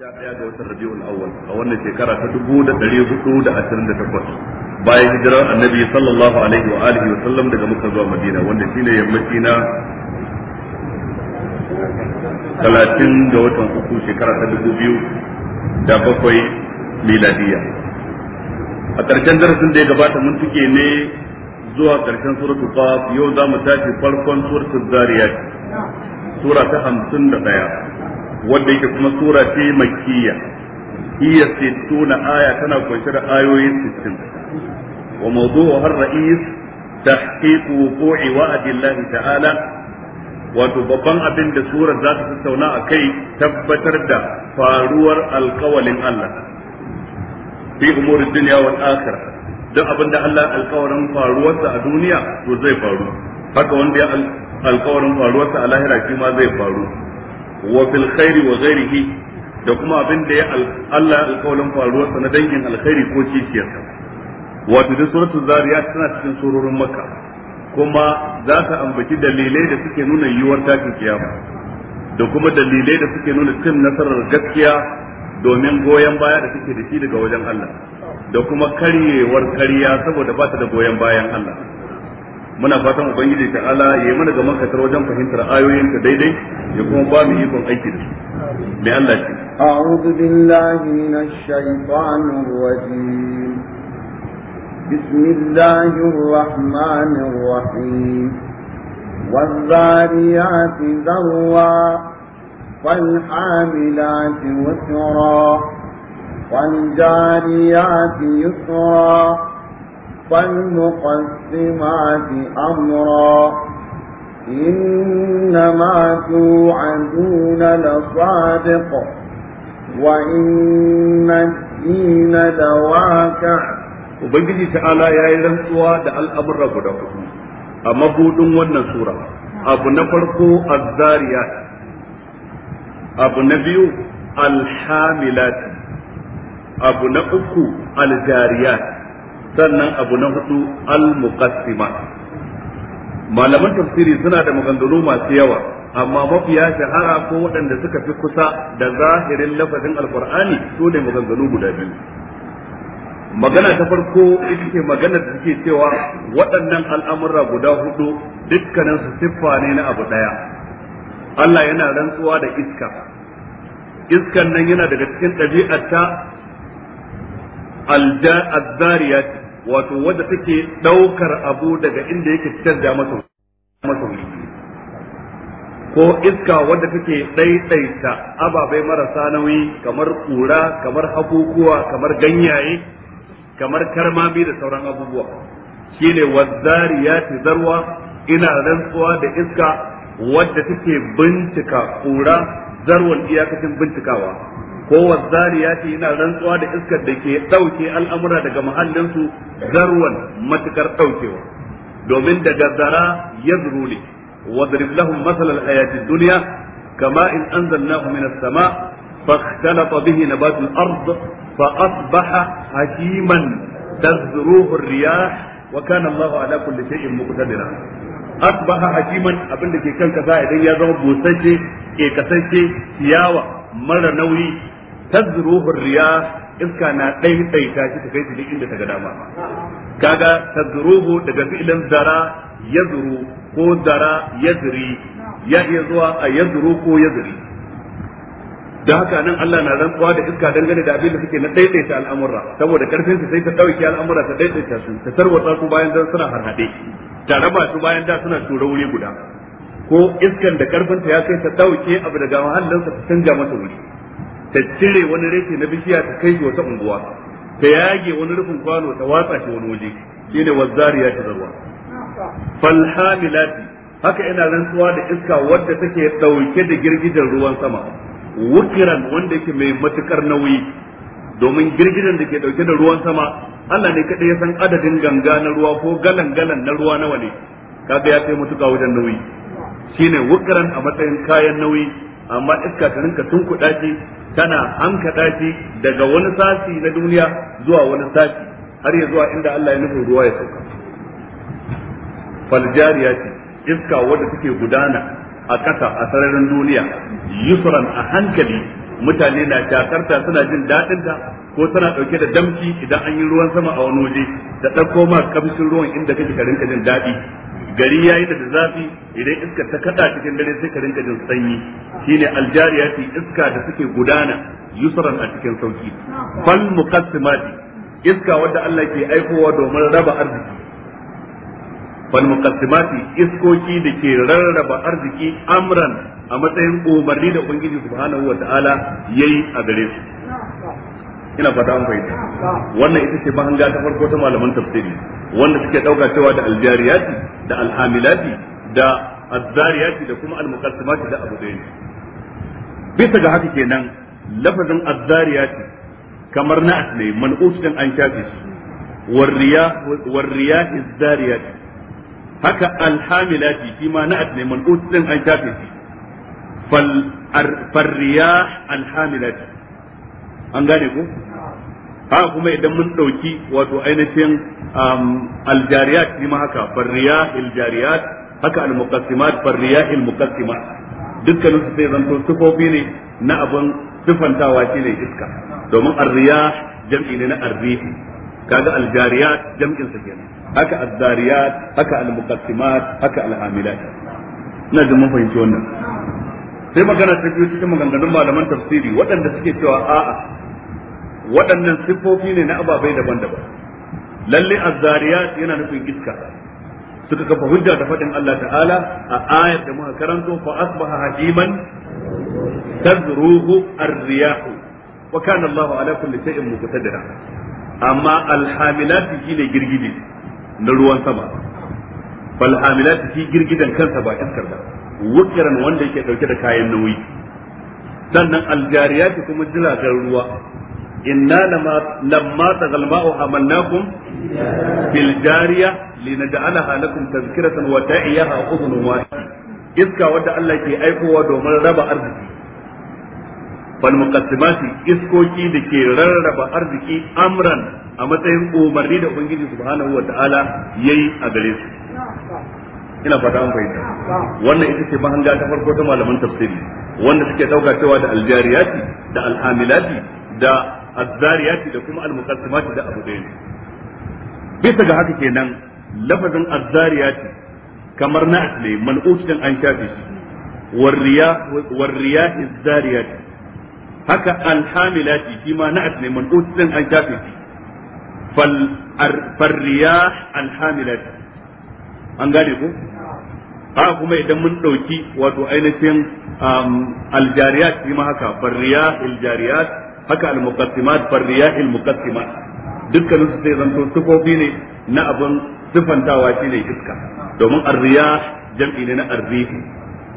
ɗaya ga watan rabiul awwal a wannan shekara ta dubu da ɗari hudu da ashirin da takwas bayan hijirar annabi sallallahu alaihi wa alihi wa sallam daga muka zuwa madina wanda shine yammaci na talatin ga watan uku shekara ta dubu biyu da bakwai miladiya a ƙarshen darasin da ya gabata mun tuke ne zuwa ƙarshen suratul qaf yau za mu tashi farkon suratul zariyat sura ta hamsin da ɗaya wanda yake kuma sura ce makkiya hiya sittuna aya tana kunshe da ayoyi 60 wa mawdu'uha ar-ra'is tahqiq wuqu'i wa'di Allah ta'ala wato babban abin da sura za ta tattauna a kai tabbatar da faruwar alƙawalin Allah fi umurin duniya wal akhirah duk abin da Allah alƙawarin faruwarsa a duniya to zai faru haka wanda ya alƙawarin faruwarsa a lahira shi ma zai faru wa fil khairi wa ghairihi da kuma abin da ya Allah alƙawalin faruwarsa na dangin alkhairi ko kishiyarsa wato da suratul zariyat tana cikin surorin makka kuma za ta ambaci dalilai da suke nuna yiwuwar takin kiyama da kuma dalilai da suke nuna cin nasarar gaskiya domin goyon baya da suke da shi daga wajen Allah da kuma karyewar karya saboda ba ta da goyon bayan Allah muna fatan ubangiji ta'ala yayi mana ga makatar wajen fahimtar ayoyin ka daidai ya kuma ba mu ikon aiki da su mai Allah ce a'udhu billahi minash shaitanir rajim bismillahir rahmanir rahim والذاريات ذروا فالحاملات وسرا والجاريات يسرا فالمقسمات أمرا إنما توعدون لصادق وإن الدين لواقع Ubangiji ta'ala ya yi rantsuwa da al'amurra guda hudu a mabudin wannan sura, abu na farko azzariya, abu na biyu alhamilati, abu na uku aljariyati. sannan abu na hudu al-muqassima malaman tafsiri suna da maganganu masu yawa amma mafiya shahara ko waɗanda suka fi kusa da zahirin lafazin alkur'ani su ne maganganu guda biyu magana ta farko ita ce magana da suke cewa waɗannan al'amurra guda hudu dukkanin su siffa ne na abu ɗaya Allah yana rantsuwa da iska iskan nan yana daga cikin Zariya الزاريات wato wadda take daukar abu daga inda yake fitar da masa ko iska wadda take daidaita ababai marasa nauyi kamar kura kamar hakukuwa kamar ganyaye kamar karmami da sauran abubuwa shine wazzariyati zarwa ina rantsuwa da iska wadda take bincika kura zarwan iyakacin bincikawa ko Zariya ya ce yana rantsuwa da iskar da ke ɗauke al’amura daga mahallinsu zarwan matukar ɗaukewa domin da zara ya zuru ne wadrib lahum masalal duniya kama in anzalnahu min as-sama fa ikhtalata bihi nabatu al-ard fa asbaha hakiman tazruhu ar-riyah wa kana Allahu ala kulli shay'in muqtadira asbaha hakiman abinda ke kan kasa idan ya zama busasshe ke kasance yawa mara nauyi tazruhu riya iska na dai ɗaita shi ta kai su duk inda ta ga dama kaga tazruhu daga fi'ilin zara yazru ko zara yazri ya iya zuwa a yazru ko yazri da haka nan Allah na rantsuwa da iska dangane da abin da suke na daidaita al'amura saboda karfin su sai ta dauke al'amura ta daidaita su ta tarwatsa su bayan dan suna harhade ta raba su bayan da suna tura wuri guda ko iskan da karfin ta ya kai ta dauke abu daga mahallin sa ta canja masa wuri ta cire wani reshe na bishiya ta kai shi wata unguwa ta yage wani rufin kwano ta watsa shi wani waje shine wazzariya ta zarwa falhamilati haka ina rantsuwa da iska wadda take dauke da girgijen ruwan sama wukiran wanda yake mai matukar nauyi domin girgijen da ke ɗauke da ruwan sama Allah ne kadai ya san adadin ganga na ruwa ko galan galan na ruwa nawa ne kaga ya kai matuka wajen nauyi shine wukiran a matsayin kayan nauyi amma iska ta rinka tun kuɗa shi tana hankaɗa shi daga wani sashi na duniya zuwa wani sashi har ya zuwa inda Allah ya nufin ruwa ya sauka faljariya ce iska wadda take gudana a ƙasa a sararin duniya yusran a hankali mutane na shakarta suna jin daɗinta ko tana ɗauke da damki idan an yi ruwan sama a wani waje da ɗauko ma kamshin ruwan inda kake ka rinka jin daɗi gari ya yi da zafi idan iska ta kada cikin dare sai ka rinka jin sanyi shine aljariyati iska da suke gudana yusran a cikin sauki fal muqassimati iska wanda Allah ke aikowa domin raba arziki fal muqassimati iskoki da ke rarraba arziki amran a matsayin umarni da ubangiji subhanahu wataala yayi a gare su ina fata an fahimta wannan ita ce mahanga ta farko ta malaman tafsiri wanda suke dauka cewa da aljariyati da alhamilati da azzariyati da kuma almuqassimati da abu dai bisa ga haka kenan lafazin azzariyati kamar na ne man'us din an shafe shi warriya warriyahi zariyati haka alhamilati shi ma na ne man'us din an shafe shi fal farriyah alhamilati an gane ko ha kuma idan mun dauki wato ainihin الجاريات shi ma haka farriya aljariyat haka almuqassimat farriya almuqassimat dukkanin su sai zanto sifofi ne na abin sifantawa shine iska domin arriya jam'i ne na arrihi kaga aljariyat jam'in هكا kenan haka azzariyat haka almuqassimat haka ina sai magana ta biyu cikin maganganun malaman tafsiri waɗanda suke cewa a'a waɗannan siffofi ne na ababai daban-daban lalle azzariyat yana nufin iska suka kafa hujja da faɗin Allah ta'ala a ayar da muka karanto fa asbaha hajiman tazruhu ar-riyah wa kana Allahu ala kulli shay'in muqtadira amma al-hamilat shine girgije na ruwan sama fal hamilat shi girgidan kansa ba iskar da wukiran wanda yake dauke da kayan nauyi sannan al-jariyat kuma jiragen ruwa inna lamma tagal ma'u hamalnakum bil jariya linaj'alaha lakum tazkiratan wa ta'iyaha udhun iska wanda Allah ke aikowa domin raba arziki bal muqassimati iskoki da ke rarraba arziki amran a matsayin umarni da ubangiji subhanahu wa ta'ala yayi a gare su ina fata an fahimta wannan ita ce mahanga ta farko ta malaman tafsiri wanda suke dauka cewa da aljariyati da alhamilati da azzariyati da kuma almuqassimati da abu dai bisa ga haka kenan lafazin azzariyati kamar na ne mal'ut din an shafe shi warriya warriyahi zariyati haka alhamilati shi ma na ne mal'ut din an shafe shi fal farriyah alhamilati an gane ko a kuma idan mun ɗauki wato ainihin aljariyat shi ma haka farriya aljariyat haka al-muqaddimat far riyahil muqaddimat dukkan su sai zanto sifofi ne na abun sifantawa shine iska domin ar-riyah jam'i ne na ar-rihi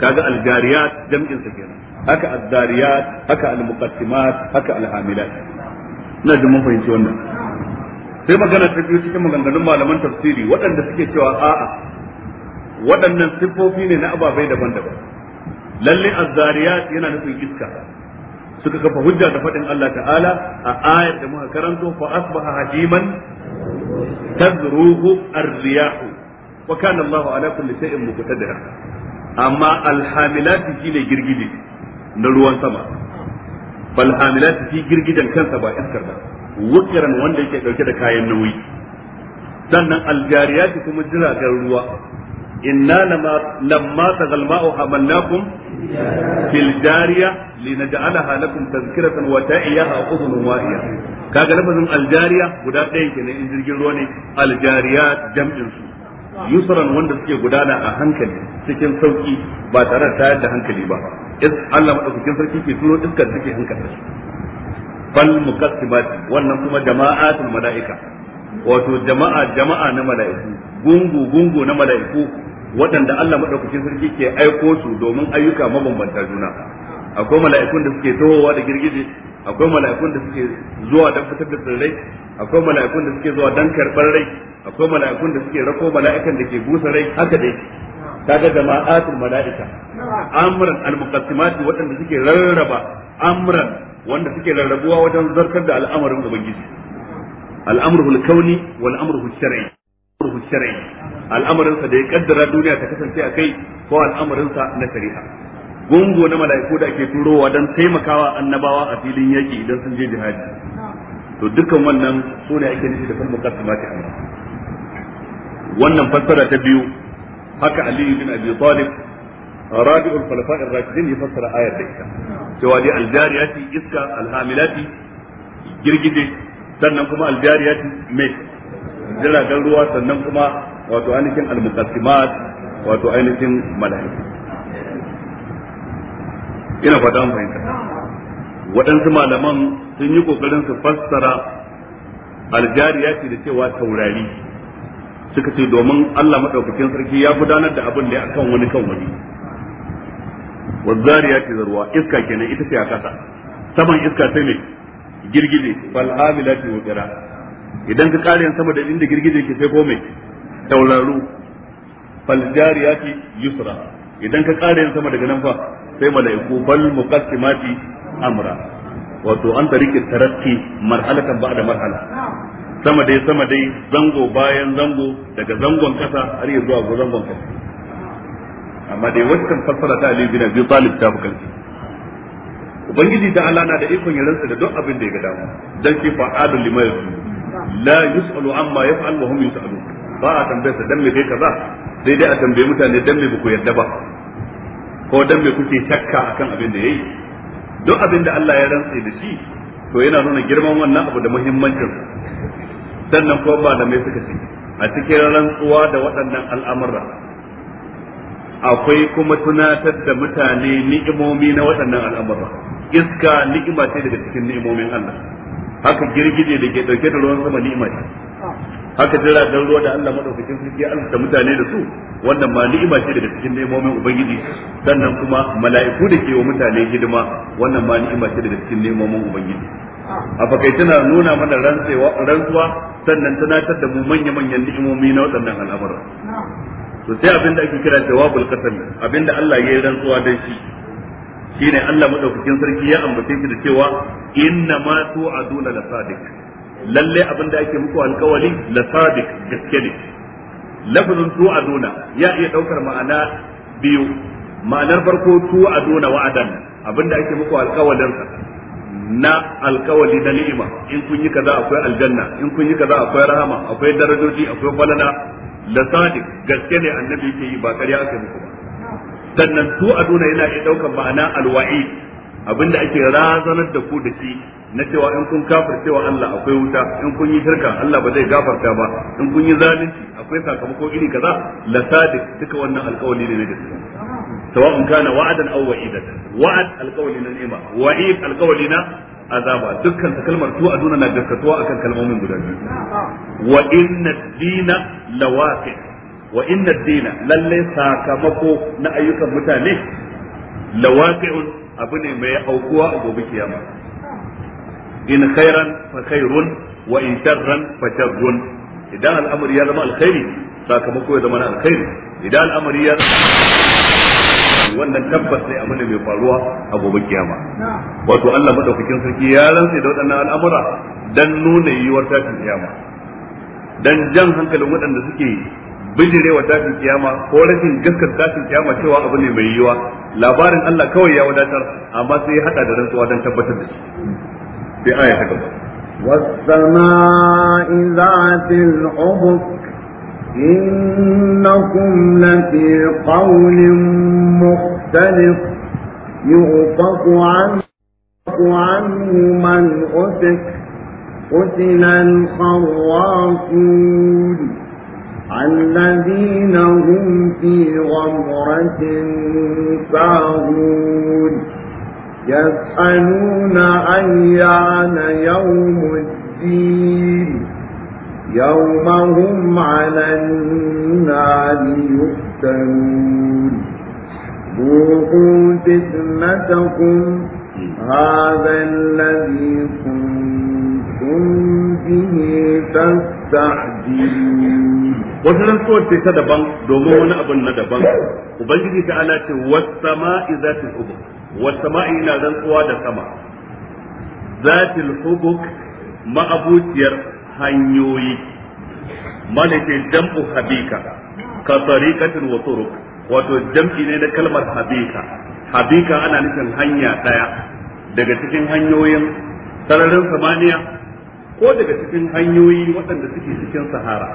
kaga al-jariyat jam'in sa kenan haka ad-dariyat haka al-muqaddimat haka al-hamilat ina jin mun fahimci wannan sai magana ta biyu cikin maganganun malaman tafsiri waɗanda suke cewa a'a waɗannan siffofi ne na ababai daban-daban lalle azzariyat yana nufin iska suka kafa hujja da faɗin Allah ta'ala a ayar da muka karanto fa asbaha hadiman tazruhu ar-riyahu wa kana Allahu ala kulli shay'in muqtadira amma al-hamilati ne girgije na ruwan sama bal hamilati shi girgijen kansa ba iskar ba wukiran wanda yake dauke da kayan nauyi sannan aljariyati kuma jiragen ruwa inna lama lamma tagal ma'u hamalnakum fil jariya linaj'alaha lakum tazkiratan wa ta'iyaha udhun wa'iya kaga lafazin aljariya guda ɗaya kenan in jirgin ruwa ne aljariya jam'in su yusran wanda suke gudana a hankali cikin sauki ba tare da tayar da hankali ba is Allah madaukakin sarki ke turo iskar take hankalin su bal muqaddimati wannan kuma jama'atul mala'ika wato jama'a jama'a na mala'iku gungu gungu na mala'iku waɗanda Allah madaukakin sarki ke aiko su domin ayyuka mabambanta juna akwai mala'ikun da suke tohowa da girgije akwai mala'ikun da suke zuwa don fitar da tsirrai akwai mala'ikun da suke zuwa don karɓar rai akwai mala'ikun da suke rako mala'ikan da ke busa rai haka dai ta kaga jama'atul mala'ika amran al-muqassimat waɗanda suke rarraba amran wanda suke rarrabuwa wajen zartar da al'amarin ubangiji al-amru al-kauni wal amru al-shar'i amruhu shar'i al'amarin sa da ya kaddara duniya ta kasance a kai ko al'amarin sa na shari'a gungo na mala'iku da ake turowa don taimakawa annabawa a filin yaki idan sun je jihadi to dukkan wannan su ne ake nufi da kan muqaddimati amma wannan fassara ta biyu haka Ali bin Abi Talib rabi'ul khulafa'ir rashidin ya fassara ayar da ita cewa dai aljariyati iska alhamilati Girgide sannan kuma Al-Biyyari aljariyati mai jiragen ruwa sannan kuma wato ainihin almukasimat wato ainihin mala'iku ina fata an fahimta waɗansu malaman sun yi ƙoƙarin su fassara aljariya ce da cewa taurari suka ce domin Allah maɗaukakin sarki ya gudanar da abin da ya kan wani kan wani wazariya ce zarwa iska kenan ita ce a kasa saman iska ta ne girgije fal hamilati wa idan ka kare sama da inda girgije ke sai komai. taularu fal jariyati yusra idan ka kare sama daga nan fa sai malaiku bal muqaddimati amra wato an tarike tarakki marhalatan ba'da marhala sama dai sama dai zango bayan zango daga zangon kasa har ya zuwa ga zangon kasa amma dai waccan fassara ta alibi bin biyu Talib ta bukanci ubangiji ta ala na da ikon yaransa da duk abin da ya ga damu dan shi fa'adun limayar la yus'alu amma yaf'al wa hum ba a tambaye sa dan me kai kaza sai dai a tambaye mutane dan me ku yadda ba ko dan me kuke shakka akan abin da yayi duk abin da Allah ya rantsa da shi to yana nuna girman wannan abu da muhimmancin sannan ko ba da me suka ce a cikin rantsuwa da waɗannan al'amura akwai kuma tunatar da mutane ni'imomi na waɗannan al'amura iska ni'ima ce daga cikin ni'imomin Allah haka girgije da ke dauke da ruwan sama ni'ima ce haka dan ruwa da Allah madaukakin sarki alta mutane da su wannan ma ni'ima ce daga cikin nemomin ubangiji sannan kuma mala'iku da ke wa mutane hidima wannan ma ni'ima ce daga cikin nemomin ubangiji a fakai tana nuna mana rantsewa rantsuwa sannan tunatar da mu manya-manyan ni'imomi na waɗannan al'amuran to sai abinda ake kira jawabul qasam abinda Allah ya yi rantsuwa dan shi shine Allah madaukakin sarki ya ambace shi da cewa inna ma tu'aduna la sadiq lalle abin da ake muku alkawari la sadiq gaske ne lafazin tu'aduna ya iya daukar ma'ana biyu ma'anar farko tu'aduna wa'adan abin da ake muku alkawarin sa na alkawali na ni'ima in kun yi kaza akwai aljanna in kun yi kaza akwai rahama akwai darajoji akwai falala la sadiq gaske ne annabi yake yi ba ƙarya ake muku ba sannan su aduna yana iya daukan ma'ana alwa'i abinda ake razanar da ku da shi na cewa in kun kafir cewa Allah akwai wuta in kun yi shirka Allah ba zai gafarta ba in kun yi zalunci akwai sakamako iri kaza la sadiq duka wannan alƙawari ne na gaskiya sawa'un kana wa'adan aw wa'idan wa'ad alƙawari na ni'ima wa'id alƙawari na azaba dukkan ta kalmar tu aduna na gaskatuwa akan kalmomin guda biyu wa inna dina lawaqi' wa inna ad-dina lalle sakamako na ayyukan mutane lawaqi'un abu ne mai aukuwa a gobe kiyama in khairan fa khairun wa in sharran fa sharrun idan al'amari ya zama alkhairi sakamako ya zama na alkhairi idan al'amari ya wannan tabbas ne abin da mai faruwa a gobe kiyama wato Allah madaukakin sarki ya rantsa da waɗannan al'amura dan nuna yiwuwar tashin kiyama dan jan hankalin waɗanda suke wa tashin kiyama ko rashin gaskar tashin kiyama cewa abu ne mai yiwuwa labarin Allah kawai ya wadatar amma sai ya hada da rantsuwa don tabbatar da shi sai aya ta gaba والسماء ذات الحبك إنكم لفي قول مختلف يؤفق عنه عنه من أفك قتل الخراصون الذين هم في غمرة ساهون يسألون أيان يوم الدين يوم هم على النار يفتنون ذوقوا فتنتكم هذا الذي كنتم به تستعجلون Wasu rantsuwar tsohon ta daban domin wani abin na daban ubangiji ta ala ce ma'i sama'i zatil ubuq Wasu sama'i na rantsuwa da sama zatil ubuq ma'abuciyar hanyoyi malaka jam'u habika ka tariqatin wa turuq wato jam'i ne na kalmar habika habika ana nufin hanya daya daga cikin hanyoyin sararin samaniya ko daga cikin hanyoyi waɗanda suke cikin sahara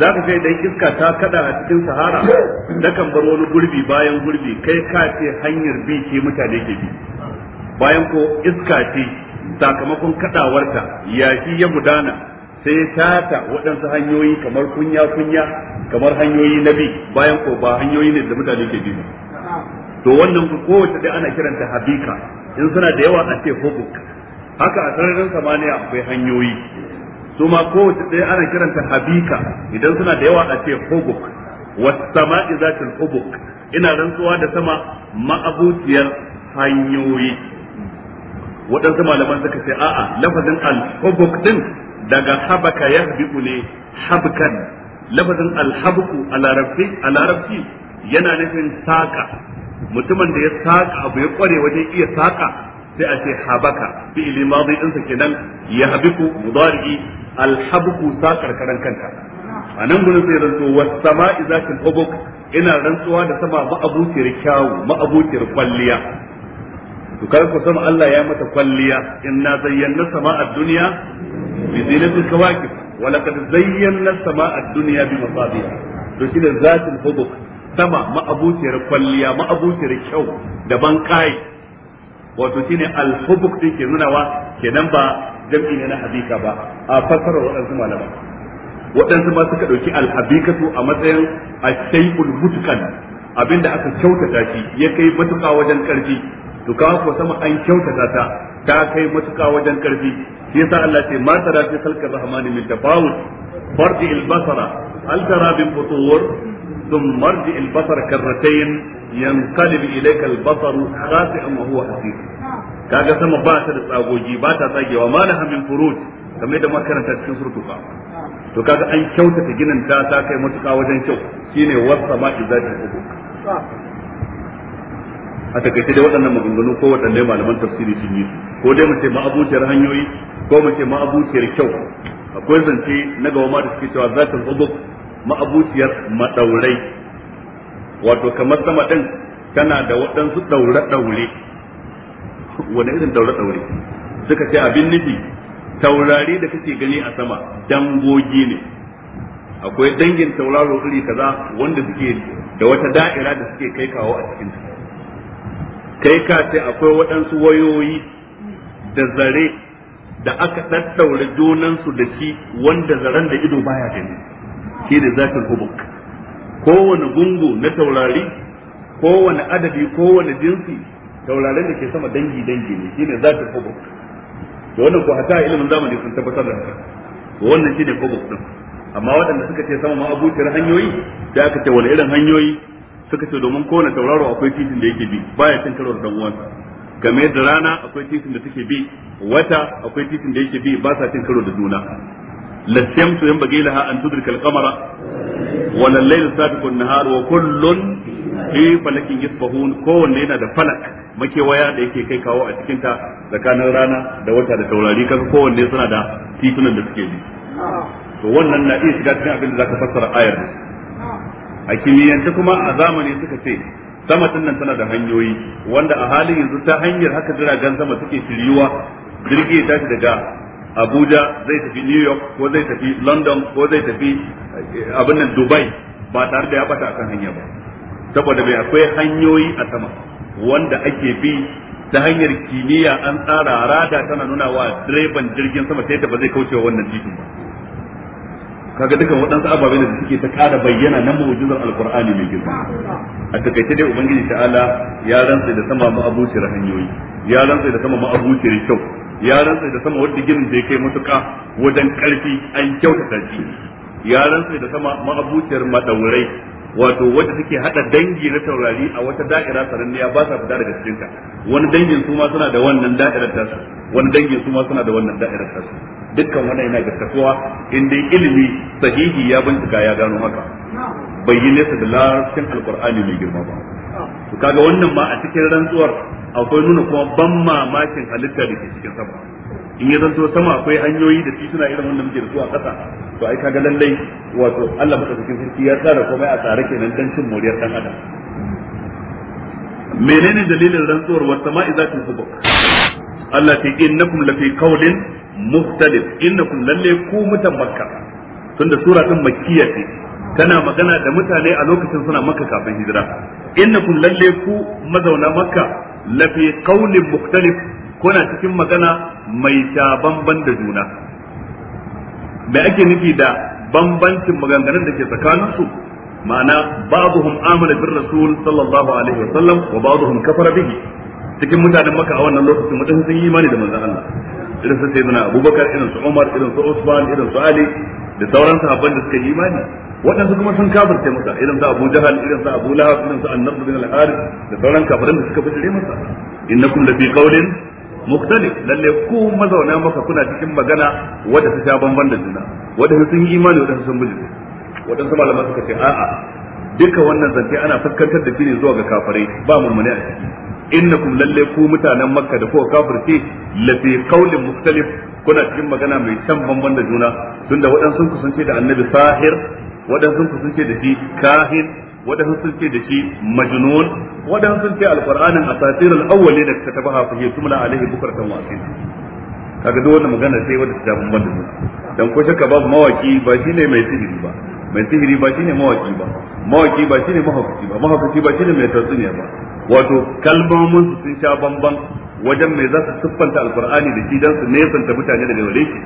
za ka sai idan iska ta kada a cikin sahara na kan bar wani gurbi bayan gurbi kai ka ce hanyar bi ce mutane ke bi bayan ko iska ce sakamakon kadawarta yashi ya gudana sai ya tata waɗansu hanyoyi kamar kunya-kunya kamar hanyoyi na bi bayan ko ba hanyoyi ne da mutane ke bi to wannan ku kowace dai ana kiranta habika in suna da yawa a ce hobuk haka a sararin samaniya akwai hanyoyi su ma kowace ɗaya ana kiranta habika idan suna da yawa a ce hubuk wasama'i zatil hubuk ina rantsuwa da sama ma'abuciyar hanyoyi waɗansu malaman suka ce a'a lafazin al-hubuk din daga habaka yahbiku ne habkan lafazin al-habku a larabci a larabci yana nufin saka mutumin da ya saka abu ya kware wajen iya saka sai a ce habaka fi'ili madi ɗinsa kenan ya habiku mudari'i alhabku ta karkaran kanta a nan gudun sai rantsu was sama'i zakin ubuk ina rantsuwa da sama ma'abuciyar kyawu ma'abuciyar kwalliya to kai ku sama Allah ya mata kwalliya inna zayyana sama a duniya? bi zinatil kawakib wala laqad zayyana sama a duniya bi masabiha to shi da zatin ubuk sama ma'abuciyar kwalliya ma'abuciyar kyau da ban kai wato shine alhubuk din ke nunawa kenan ba jam'i ne na habika ba a fasara waɗansu malaman waɗansu ma suka ɗauki alhabikatu a matsayin ashayul mutkan abinda aka kyautata shi ya kai matuƙa wajen ƙarfi to kawo ko sama an kyautata ta ta kai matuƙa wajen ƙarfi shi yasa Allah ce ma tara fi khalqir rahmani min tafawut farji al-basara hal tara bin futur ثم ارجع البصر كرتين ينقلب اليك البصر خاسئا huwa حسير kaga sama ba ta da tsagogi ba ta tsagewa ma na hamin furuj kamar da makaranta cikin ba to kaga an kyautata ginin ta ta kai matuka wajen kyau shine wasa ma zaki ubu a takaice dai waɗannan maganganu ko waɗanne malaman tafsiri sun yi ko dai mu ce ma'abuciyar hanyoyi ko mu ce ma'abuciyar kyau akwai zance na gaba ma da suke cewa zatin ubu ma'abuciyar madaurai wato kamar sama din tana da waɗansu daure-daure wani irin daura daure suka ce abin nufi taurari da kake gani a sama dangogi ne akwai dangin tauraro iri kaza wanda suke da wata da'ira da suke kai kawo a cikin kai ka sai akwai waɗansu wayoyi da zare da aka daddaure junansu da shi wanda zaren da ido baya gani shi da zatin hubuk kowane gungu na taurari kowane adadi kowane jinsi taurarin da ke sama dangi dangi ne shine zatul qubur to wannan ko hata ilimin zamani sun tabbatar da haka wannan shine qubur din amma waɗanda suka ce sama ma abuciyar hanyoyi da aka ce wani irin hanyoyi suka ce domin kowane tauraro akwai titin da yake bi baya cin karo da dan uwansa game da rana akwai titin da take bi wata akwai titin da yake bi ba sa cin karo da juna lasyamsu yan bagi ha an tudrika al-qamara wa al-layl sabiqu an-nahar wa kullun fi falakin yasbahun kowanne yana da falak makewaya da yake kai kawo a cikin ta tsakanin rana da wata da taurari kaga kowanne suna da titunan da suke bi to wannan na iya shiga cikin abin da zaka fassara ayar da a kimiyyance kuma a zamani suka ce sama nan tana da hanyoyi wanda a halin yanzu ta hanyar haka jiragen sama suke shiryuwa jirgi ya tashi daga abuja zai tafi new york ko zai tafi london ko zai tafi eh, abin nan dubai ba tare da ya bata akan hanya ba saboda mai akwai hanyoyi a sama wanda ake bi ta hanyar kimiyya an tsara rada tana nuna wa direban jirgin sama ta yadda ba zai kauce wa wannan titin ba kaga dukan waɗansu ababe da suke ta ƙara bayyana na mu'jizar alqur'ani mai girma a takaice dai ubangiji ta'ala ya rantsa da sama ma'abuciyar hanyoyi ya rantsa da sama ma'abuciyar kyau ya rantsa da sama wadda ginin da kai matuƙa wajen ƙarfi an kyautata shi ya rantsa da sama ma'abuciyar madaurai wato wanda take hada dangi na taurari a wata da'ira sananniya ba sa fita daga cikin ka wani dangin su ma suna da wannan da'irar tasu wani dangin su ma suna da wannan da'irar tasu dukkan wannan yana gaskatuwa in dai ilimi sahihi ya bincika ya gano haka bai yi nesa da larsin alkur'ani mai girma ba to kaga wannan ma a cikin rantsuwar akwai nuna kuma ban mamakin halitta da ke cikin sama in ya zanto sama akwai hanyoyi da tituna irin wanda muke da su a ƙasa to ai kaga lallai wato Allah madaukakin sarki ya tsara komai a tsare kenan dan cin moriyar dan adam menene dalilin rantsuwar wa sama'i ta subuk Allah ta yi innakum lafi qawlin mukhtalif innakum lalle ku mutan makka tunda sura din makkiya ce tana magana da mutane a lokacin suna makka kafin hijira innakum lalle ku mazauna makka lafi qawlin mukhtalif kuna cikin magana mai sha bamban da juna me ake nufi da bambancin maganganun da ke tsakaninsu ma'ana ba'dhum amana bir rasul sallallahu alaihi wa sallam wa ba'dhum kafara bihi cikin mutanen maka a wannan lokacin mutum sun yi imani da manzon Allah irin su sayyidina Abubakar irin su Umar irin su Usman irin su Ali da sauran sahabban da suka yi imani waɗansu kuma sun kafirce masa irin su Abu Jahal irin su Abu Lahab irin su An-Nadr bin Al-Harith da sauran kafirin da suka bijire masa innakum lafi qawlin muktalif lalle ku mazauna maka kuna cikin magana wadda ta sha bamban da juna wadda sun yi imani wadda sun bijire wadansu malama suka ce a'a duka wannan zance ana fuskantar da shi ne zuwa ga kafirai ba murmuni a ciki innakum lalle ku mutanen makka da ku kafirce lafi qaulin muktalif kuna cikin magana mai shan bamban da juna tunda wadansu ku sun ce da annabi sahir wadansu sun ce da shi kahin wadansu sun ce da shi majnun wadansu sun ce alqur'anin a al-awwalin da ta tabaha fa hiya tumla alaihi bukratan wa asila kaga duk wannan magana sai wanda ta jabun banda dan ko shakka babu mawaki ba ne mai sihiri ba mai sihiri ba shine mawaki ba mawaki ba shine mahaukaci ba mahaukaci ba shine mai tatsuniya ba wato kalmomin su sun sha bamban wajen mai za su siffanta alqur'ani da shi dan su nesanta mutane daga gare shi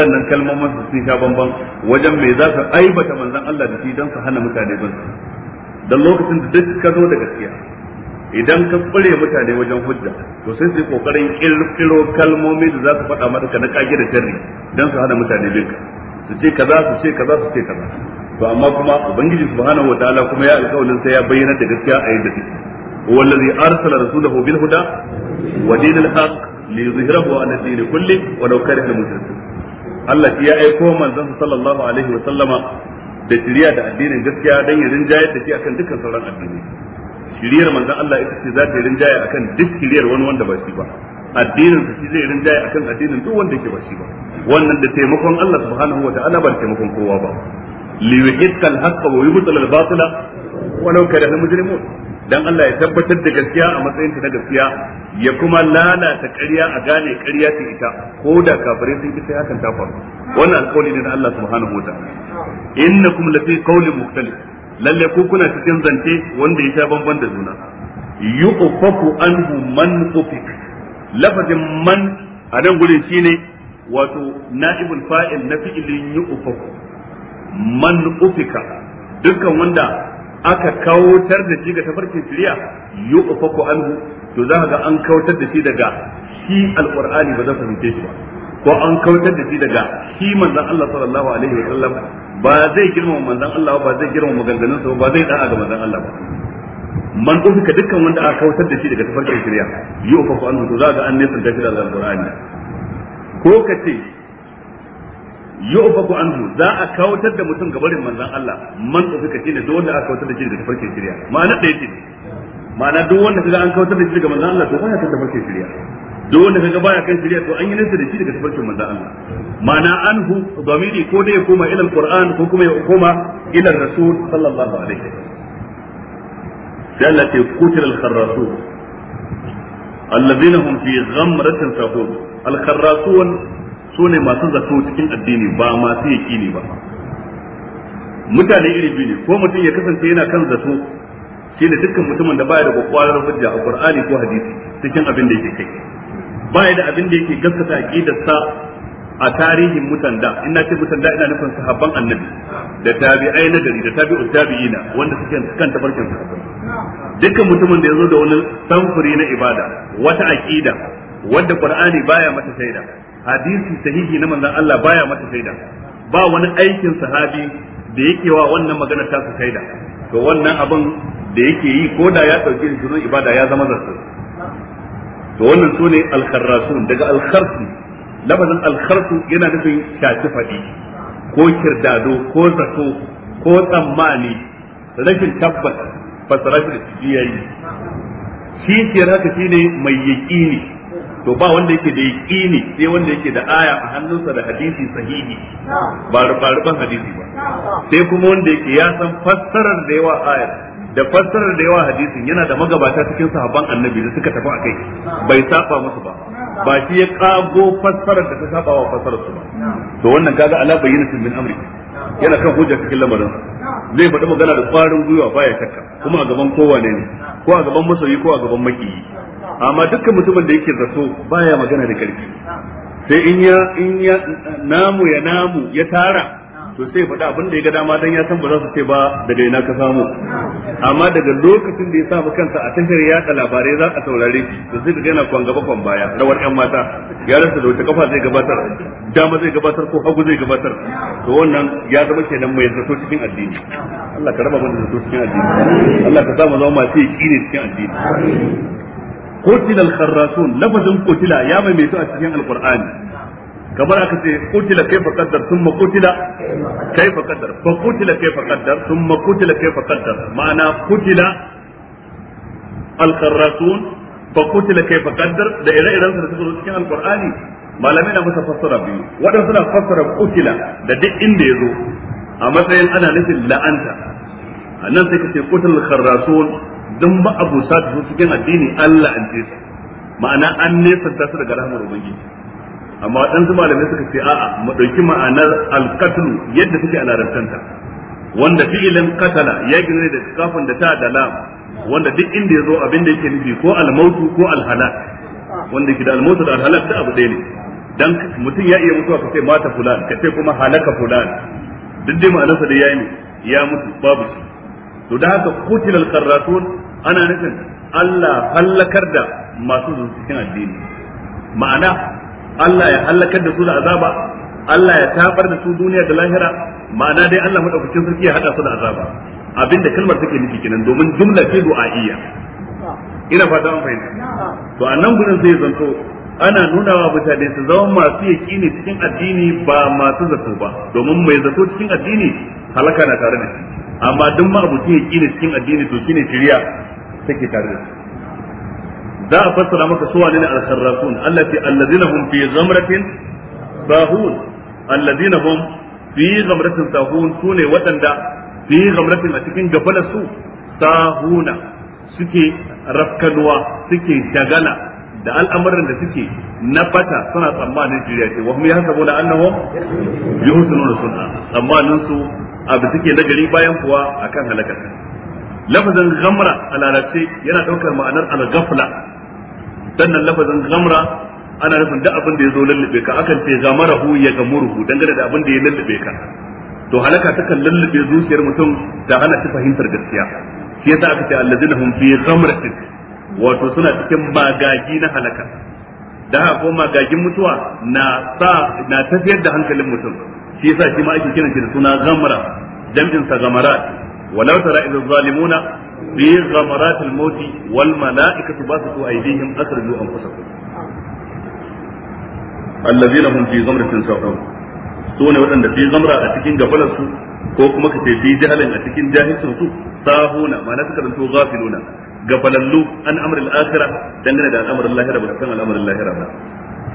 sannan kalmomin su sun sha bamban wajen mai za su aibata manzon Allah da shi dan su hana mutane bin dan lokacin da duk ka zo da gaskiya idan ka kure mutane wajen hujja to sai su yi kokarin kirkiro kalmomi da za su faɗa maka na kage da tarri dan su hana mutane bin ka su ce kaza su ce kaza su ce kaza to amma kuma ubangiji subhanahu wataala kuma ya alƙawarin sai ya bayyana da gaskiya a yadda take allazi arsala rasulahu bil huda wa dinil haqq yuzhirahu ala din kulli wa law karihal mushrikun Allah ya aiko manzon sallallahu alaihi wa sallama da shirya da addinin gaskiya dan ya rinjaye take akan dukkan sauran addini shiriyar manzon Allah ita ce za ta rinjaye akan duk shiriyar wani wanda ba shi ba addinin sa shi zai rinjaye akan addinin duk wanda ke ba shi ba wannan da taimakon Allah subhanahu wataala ba taimakon kowa ba li yuhiqqal haqqa wa yubtil al batila walau kariha mujrimun dan Allah ya tabbatar da gaskiya a matsayinta na gaskiya ya kuma lalata ƙarya a gane ƙarya ce ita ko da kafirai sun kisa hakan ta faru wannan alƙawari ne na Allah subhanahu wa Inna innakum lafi qawlin mukhtalif lalle ku kuna cikin zance wanda ya sha bamban da juna yuqfaku anhu man ufik lafazin man a nan gurin shine wato na'ibul fa'il na fi'ilin yuqfaku man ufika dukkan wanda aka kawotar da shi ga tafarkin shari'a ufaku anhu to za ga an kawotar da shi daga shi alkur'ani ba zan fahimce shi ba ko an kawotar da shi daga shi manzon Allah sallallahu alaihi wa sallam ba zai girma manzon Allah ba zai girma maganganun sa ba zai da'a ga manzon Allah ba man ka dukkan wanda aka kautar da shi daga tafarkin shari'a ufaku anhu to za ga an nesa da shi da alqur'ani ko ka ce yu'faku anhu za a kautar da mutum gabarin manzon Allah man tsufika shine duk wanda aka kautar da shi daga tafarkin shari'a ma'ana da yake ma'ana duk wanda kaga an kautar da shi daga manzon Allah to baya kan tafarkin shari'a duk wanda kaga baya kan shari'a to an yi nasa da shi daga tafarkin manzon Allah ma'ana anhu dhamiri ko dai ya koma ila alquran ko kuma ya koma ila rasul sallallahu alaihi wasallam sai Allah ya kutir al-kharrasu alladhina hum fi ghamratin sahun al-kharrasun su ne masu zato cikin addini ba masu yaƙini ba mutane iri biyu ne ko mutum ya kasance yana kan zato shi ne dukkan mutumin da baya da kwakwalar hujja a qur'ani ko hadisi cikin abin da yake kai baya da abin da yake gaskata aqidarsa a tarihin mutanda ina ce mutanda ina nufin sahabban annabi da tabi'ai na gari da tabi'ut tabi'ina wanda suke kan tabarkin sahabbai dukkan mutumin da yazo da wani samfuri na ibada wata aqida wanda qur'ani baya mata shaida hadisi sahihi na manzon Allah baya mata saida ba wani aikin sahabi da yake wa wannan magana ta su shaida to wannan abin da yake yi ko da ya dauke shi ibada ya zama zarto to wannan sune al-kharrasun daga al-kharsu lafazin al-kharsu yana nufin shafi fadi ko kirdado ko zato ko tsammani rashin tabbata fasarar da shi shi ke haka shine mai yaqini to ba wanda yake da yaqini sai wanda yake da aya a hannunsa da hadisi sahihi ba rubarban hadisi ba sai kuma wanda yake ya san fassarar da yawa aya da fassarar da yawa hadisin yana da magabata cikin sahabban annabi da suka tafi akai bai saba musu ba ba shi ya kago fassarar da ta saba wa fassarar su ba to wannan kaga ala bayyinatin min amri yana kan hujja cikin lamarin zai faɗi magana da farin gwiwa baya shakka kuma a gaban kowa ne ko a gaban masoyi ko a gaban makiyi amma dukkan mutumin da yake zato baya magana da karfi sai in ya in ya namu ya namu ya tara to sai faɗa abin da ya ga dama dan ya san ba za su ce ba daga ina ka samu amma daga lokacin da ya sa kansa a tashar yaɗa labarai za a saurare shi to sai yana kwan gaba kwan baya rawar yan mata ya rasa da wata kafa zai gabatar dama zai gabatar ko hagu zai gabatar to wannan ya zama kenan mai zato cikin addini Allah ka raba mana zato cikin addini Allah ka sa mu zama masu ne cikin addini qutilal kharrasun lafazin qutila ya maimaito a cikin alqur'ani kamar aka ce qutila kaifa qaddar thumma qutila kaifa qaddar fa qutila kaifa qaddar thumma qutila kaifa qaddar ma'ana qutila al-kharrasun fa qutila kaifa qaddar da ire-iren su da cikin alqur'ani malamai na masa fassara waɗansu na fassara qutila da duk inda ya zo a matsayin ana nufin la'anta annan sai kace dun ba abu sa su cikin addini Allah an ce sa ma'ana an nesanta su daga rahmar ubangiji amma dan su malamai suka ce a'a mu ɗauki ma'anar al al-qatl yadda take a larabtanta wanda fi'ilin qatala ya gina da kafin da ta da lam wanda duk inda ya zo abin da yake nufi ko al-mautu ko al al-halak wanda ke da mautu da al al-halak da abu ɗaya ne dan mutum ya iya mutuwa ka ce mata fulan ka ce kuma halaka fulan duk dai ma'anarsa da yayi ne ya mutu babu shi to da haka kutil al ana nufin Allah hallakar da masu zuwa addini ma'ana Allah ya hallakar da su da azaba Allah ya tabar da su duniya da lahira ma'ana dai Allah madaukakin sarki ya hada su da azaba abinda kalmar take nufi kenan domin jumla ce du'a'iyya ina fata an fahimta to a nan gurin zai zanto ana nuna wa mutane su zama masu yaƙini cikin addini ba masu zato ba domin mai zato cikin addini halaka na tare da shi amma duk ma abu ya kine cikin addini to shine shari'a take tare da za a fassara maka su wane ne al-sarrafun Allah ce allazina hum fi zamratin sahun allazina hum fi zamratin sahun sune waɗanda fi zamratin a cikin gafalar su sahuna suke rafkanuwa suke dagala da al'amuran da suke na bata suna tsammanin jiriya ce wa hum yahsabuna annahum yuhsinuna sun'a tsammanin su abu suke nagari bayan kuwa akan halakar lafazin gamra a lalace yana ɗaukar ma'anar al sannan lafazin gamra ana nufin da abin da ya zo lallabe ka akan ce gamarahu ya gamuruhu dangane da abin da ya lallabe ka to halaka takan lallabe zuciyar mutum da hana ta fahimtar gaskiya shi yasa aka ce allazina hum fi ghamratin wato suna cikin magaji na halaka da haka ko magagin mutuwa na sa na tafiyar da hankalin mutum shi yasa shi ma ake kiran shi da suna gamara jam'in sa gamarat walau tara idh zalimuna fi ghamarat al-maut wal mala'ikatu basitu aydihim akhrijoo anfusakum alladhina hum fi ghamratin sawdun su ne waɗanda fi zamra a cikin gabanar su ko kuma ka ce fi jahalin a cikin jahilcin su sahuna ma'ana suka zanto gafiluna gabalallu an amrul akhirah dangane da al'amarin lahira ba san al'amarin lahira ba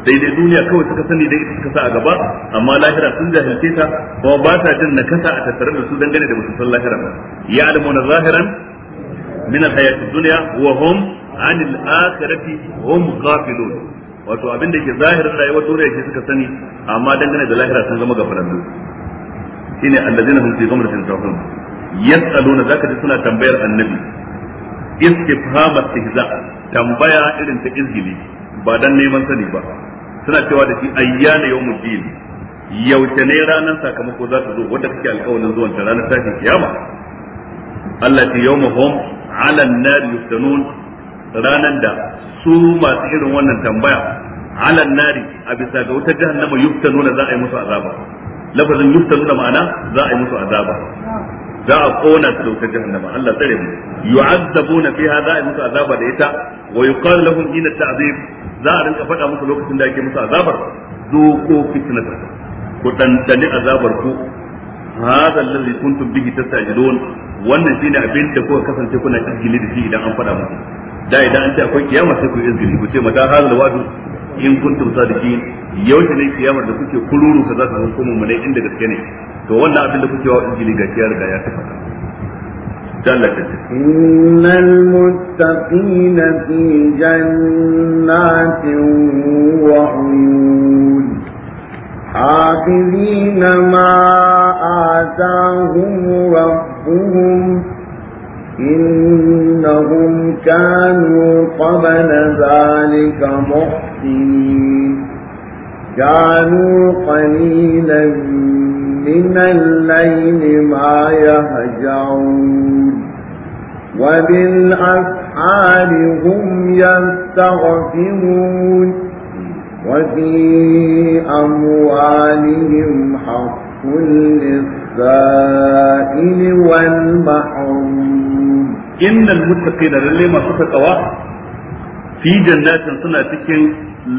sai dai duniya kawai suka sani dai suka sa a gaba amma lahira sun jahilce ta kuma ba sa jin kasa a tattare da su dangane da musu san lahira ba ya alamuna zahiran min alhayati dunya wa hum an alakhirati hum ghafilun wato abin da ke zahirin rayuwar duniya ke suka sani amma dangane da lahira sun zama gafalallu shine alladheena hum fi ghamratin sahun yas'aluna zaka suna tambayar annabi istifham istihza tambaya irin ta izgili ba dan neman sani ba suna cewa da shi ayyana yawmuddin yaushe ne ranar sakamako za ta zo wadda kake alƙawarin zuwan ta ranar tashin kiyama Allah ce yawmahum ala an-nar yuftanun ranan da su masu irin wannan tambaya ala nari a bisa ga wutar jahannama yuftanuna za a yi musu azaba lafazin yuftanuna ma'ana za a yi musu azaba za a kona su da wutar jahannama Allah tsare mu yu'azzabuna fiha za a musu azaba da ita wa yuqalu lahum ina ta'zib za a rinka faɗa musu lokacin da ake musu azabar zuqu fitnata ku dandani azabar ku hadha alladhi kuntum bihi tastajilun wannan shine abin da kuka kasance kuna izgili da shi idan an faɗa muku da idan an ce akwai kiyama sai ku izgili ku ce mata hadha alwadu in kuntum sadiqin yaushe ne kiyamar da kuke kururu ka za ka zo kuma mun inda gaske ne to wannan abin da kuke wa injili ga da ya tafi إن المتقين في جنات وعيون حافظين ما آتاهم ربهم إنهم كانوا قبل ذلك محسنين المحسنين جعلوا قليلا من الليل ما يهجعون وبالأسحار هم يستغفرون وفي أموالهم حق للسائل والمحروم إن المتقين للي ما تقوى fi jannatin suna cikin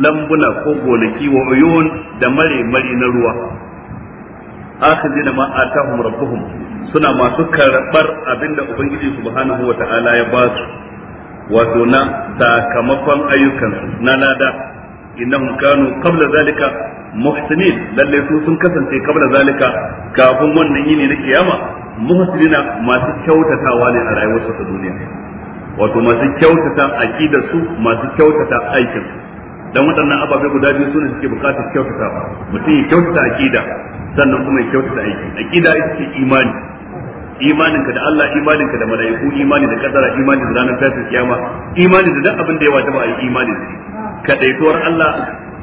lambuna ko gonaki wa uyun da mare mare na ruwa da ma atahum rabbuhum suna masu karbar abinda ubangiji subhanahu wataala ya ba su wato na sakamakon ayyukansu na lada innahum kanu qabla zalika muhsinin lalle su sun kasance qabla zalika kafin wannan yini na kiyama muhsinina masu kyautatawa ne a rayuwar ta duniya wato masu kyautata aqidar su masu kyautata aikin su dan waɗannan ababe guda biyu sune suke bukatar ba, mutum ya kyautata aqida sannan kuma ya kyautata aiki aqida ita ce imani imaninka da Allah imaninka da mala'iku imani da kadara imani da ranar tashin kiyama imani da duk abin da ya wajaba a yi imani da shi kadaituwar Allah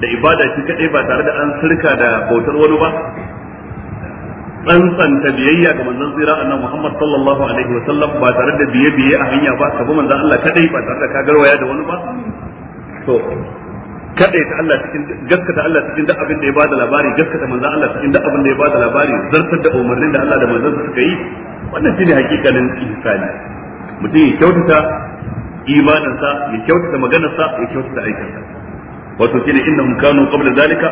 da ibada shi kadai ba tare da an sirka da bautar wani ba tsantsanta biyayya ga manzon tsira annabi Muhammad sallallahu alaihi wa sallam ba tare da biye biye a hanya ba ka bi manzon Allah kadai ba tare da ka garwaya da wani ba to kadai ta Allah cikin gaskata Allah cikin duk abin da ya bada labari gaskata manzon Allah cikin duk abin da ya bada labari zartar da umarnin da Allah da manzon suka yi wannan shine hakikanin ihsani mutum ya kyautata imaninsa ya kyautata maganarsa ya kyautata aikinsa wato shine innahum kanu qabla zalika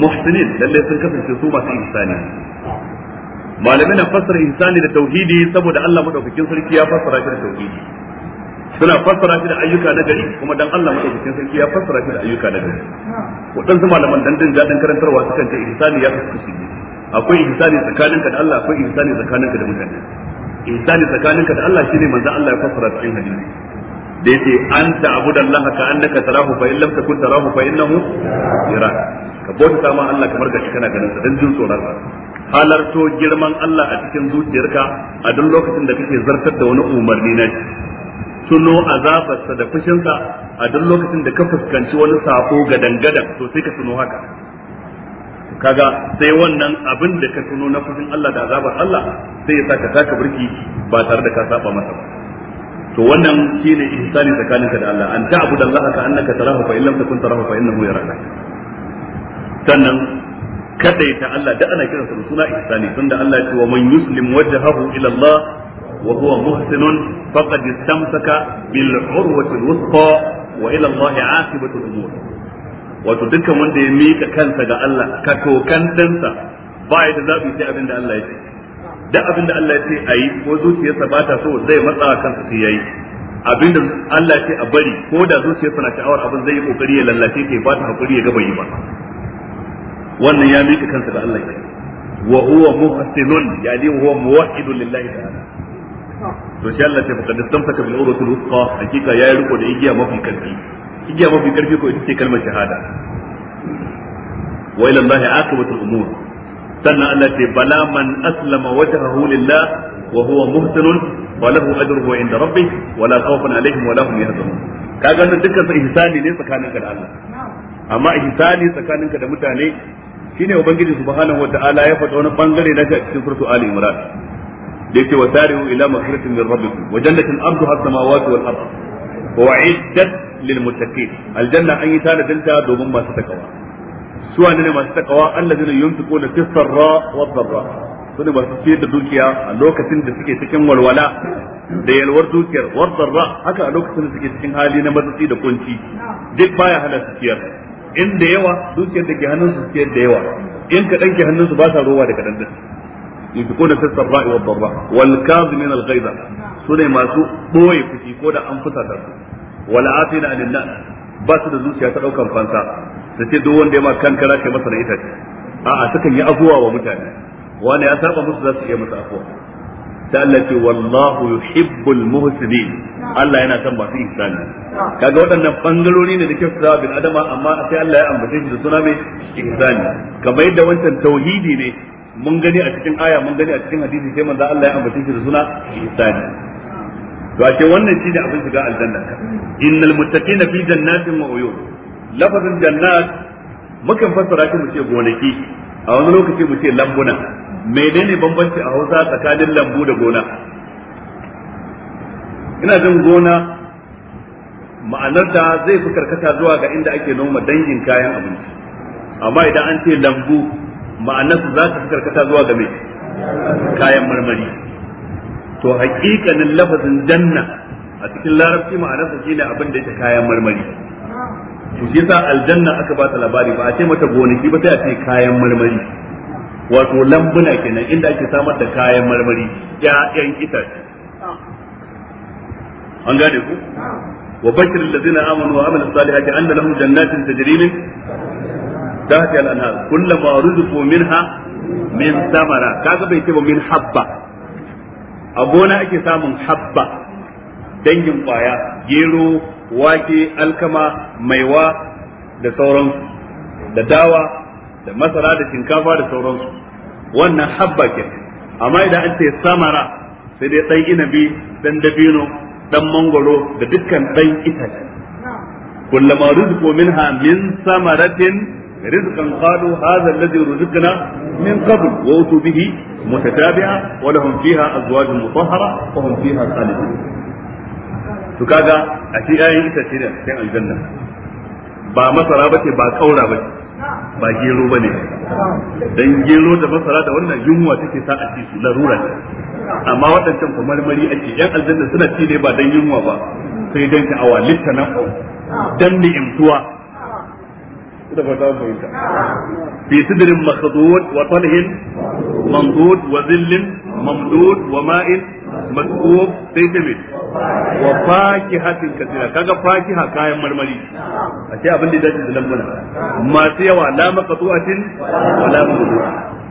muhsinin lalle sun kasance su masu ihsani malamai na fassara insani da tauhidi saboda Allah madaukakin sarki ya fassara shi da tauhidi suna fassara shi da ayyuka na gari kuma dan Allah madaukakin sarki ya fassara shi da ayyuka na gari waɗansu malaman dan din gadin karantarwa sukan ce insani ya kasu kashi akwai insani tsakaninka da Allah akwai insani tsakaninka da mutane insani tsakaninka da Allah shine manzo Allah ya fassara cikin hadisi da yace an ta'budu Allah ka annaka tarahu fa in lam takun tarahu fa innahu yara ka bauta ma Allah kamar ka kana ganin sa dan jin tsoron halarto girman Allah a cikin zuciyarka a duk lokacin da kake zartar da wani umarni na shi tuno azabarsa da fushinsa a duk lokacin da ka fuskanci wani sako gadangadan gadan to sai ka tuno haka kaga sai wannan abin da ka tuno na fushin Allah da azabar Allah sai ya saka taka burki ba tare da ka saba masa ba to wannan shine ihsani tsakaninka da Allah an ta'budallaha ka annaka tarahu fa in lam takun tarahu fa innahu yaraka sannan kadaita Allah da ana kiransa da suna ihsani tunda Allah ya ce wa man yuslim wajhahu ila Allah wa huwa muhsinun faqad istamsaka bil urwati al-wuthqa wa ila Allah aqibatu al-umur wato dukkan wanda ya mika kansa ga Allah ka tokan dansa ba ya da zabi sai abinda Allah ya ce da abinda Allah ya ce ayi ko zuciyarsa ba ta so zai matsa kansa sai yayi abinda Allah ya ce a bari ko da zuciyarsa na sha'awar abin zai yi kokari ya lallace ke ba ta hakuri ya ga bai yi ba wannan ya mika kansa da Allah ke wa huwa muhsinun yani huwa muwahhidun lillahi ta'ala to shi Allah ta faqad istamsaka bil urwatil wuthqa hakika yayi riko da igiya mafi karfi igiya mafi karfi ko ita ce kalmar shahada wa ila Allah aqibatul umur sannan Allah ce bala man aslama wajhahu lillah wa huwa muhsinun wa lahu ajruhu inda rabbih wa la khawfun alaihim wa la hum yahzanun kaga nan dukkan sa ihsani ne tsakaninka da Allah amma ihsani tsakaninka da mutane shine ubangiji subhanahu wataala ya faɗa wani bangare na shi a cikin furtu ali imran da yake wa tarihu ila maghfiratin min rabbikum wa jannatin arduha as-samawati wal ard wa iddat lil muttaqin aljanna an yi tanadinta domin masu takawa su ne masu takawa allazina yunfiquna fis sarra wad dharra su ne masu ciyar da dukiya a lokacin da suke cikin walwala da yalwar dukiyar wad haka a lokacin da suke cikin hali na matsatsi da kunci duk baya hana su ciyar in da yawa dukiyar da ke hannunsu suke da yawa in kaɗan ke hannunsu ba sa rowa da In din kona fi ra'i wa darra wal kadhimina al ghaiza sune masu boye fushi ko da an fusata su wal afina anil nas ba su da zuciya ta daukan fansa su ce duk wanda ya ma kankara kai masa na itace a'a sukan yi afuwa wa mutane wani ya saba musu za su iya masa afuwa sai Allah ce wallahu yuhibbul muhsinin Allah yana son masu ihsani kaga waɗannan bangarori ne da ke fitawa bin adama amma sai Allah ya ambace shi da suna mai ihsani kamar yadda wancan tauhidi ne mun gani a cikin aya mun gani a cikin hadisi sai manzo Allah ya ambace shi da suna ihsani to ashe wannan shine abin shiga aljanna innal muttaqina fi jannatin wa uyun lafazin jannat mukan fassara shi mu ce gonaki a wani lokaci mu ce lambuna menene bambanci a Hausa tsakanin lambu da gona ina jin gona ma'anar zai fi karkata zuwa ga inda ake noma dangin kayan abinci amma idan an ce lambu ma'anar su za ta fi karkata zuwa ga mai kayan marmari to hakikanin lafazin janna a cikin larabci ma'anarsa shine abin da yake kayan marmari to shi yasa aljanna aka ba ta labari ba a ce mata gonaki ba sai a ce kayan marmari wato lambuna kenan inda ake samar da kayan marmari ya'yan itace an gane ku wa bashir allazina amanu wa amilus salihati anna lahum jannatin tajri min tahtiha al-anhar kullama rizqu minha min samara kaga bai ce ba min habba a gona ake samun habba dangin kwaya gero wake alkama maiwa da sauransu da dawa da masara da shinkafa da sauransu wannan habba ke amma idan an ce samara sai dai dan inabi dan dabino dan mangoro da dukkan dan itace kullama rizqu minha min samaratin rizqan qalu hadha alladhi rizqna min qabl wa utu bihi mutatabi'a wa lahum fiha azwajun mutahhara wa hum fiha khalidun to kaga a ci ayin itace ne cikin aljanna ba masara bace ba kaura bace ba gero bane dan gero da masara da wannan yunwa take sa a cikin larura ne, amma waɗancan ku marmari ake yan aljanna suna ci ne ba dan yunwa ba sai dan ta awa littanan dan ni'imtuwa da fata mun fahimta fi sidrin makhdud wa talhin mamdud wa zillin mamdud wa ma'in masqub sai ta mai wa fakihatin kathira kaga fakiha kayan marmari a ce abin da ya dace da lambuna masu yawa la maqtu'atin wa la mamdud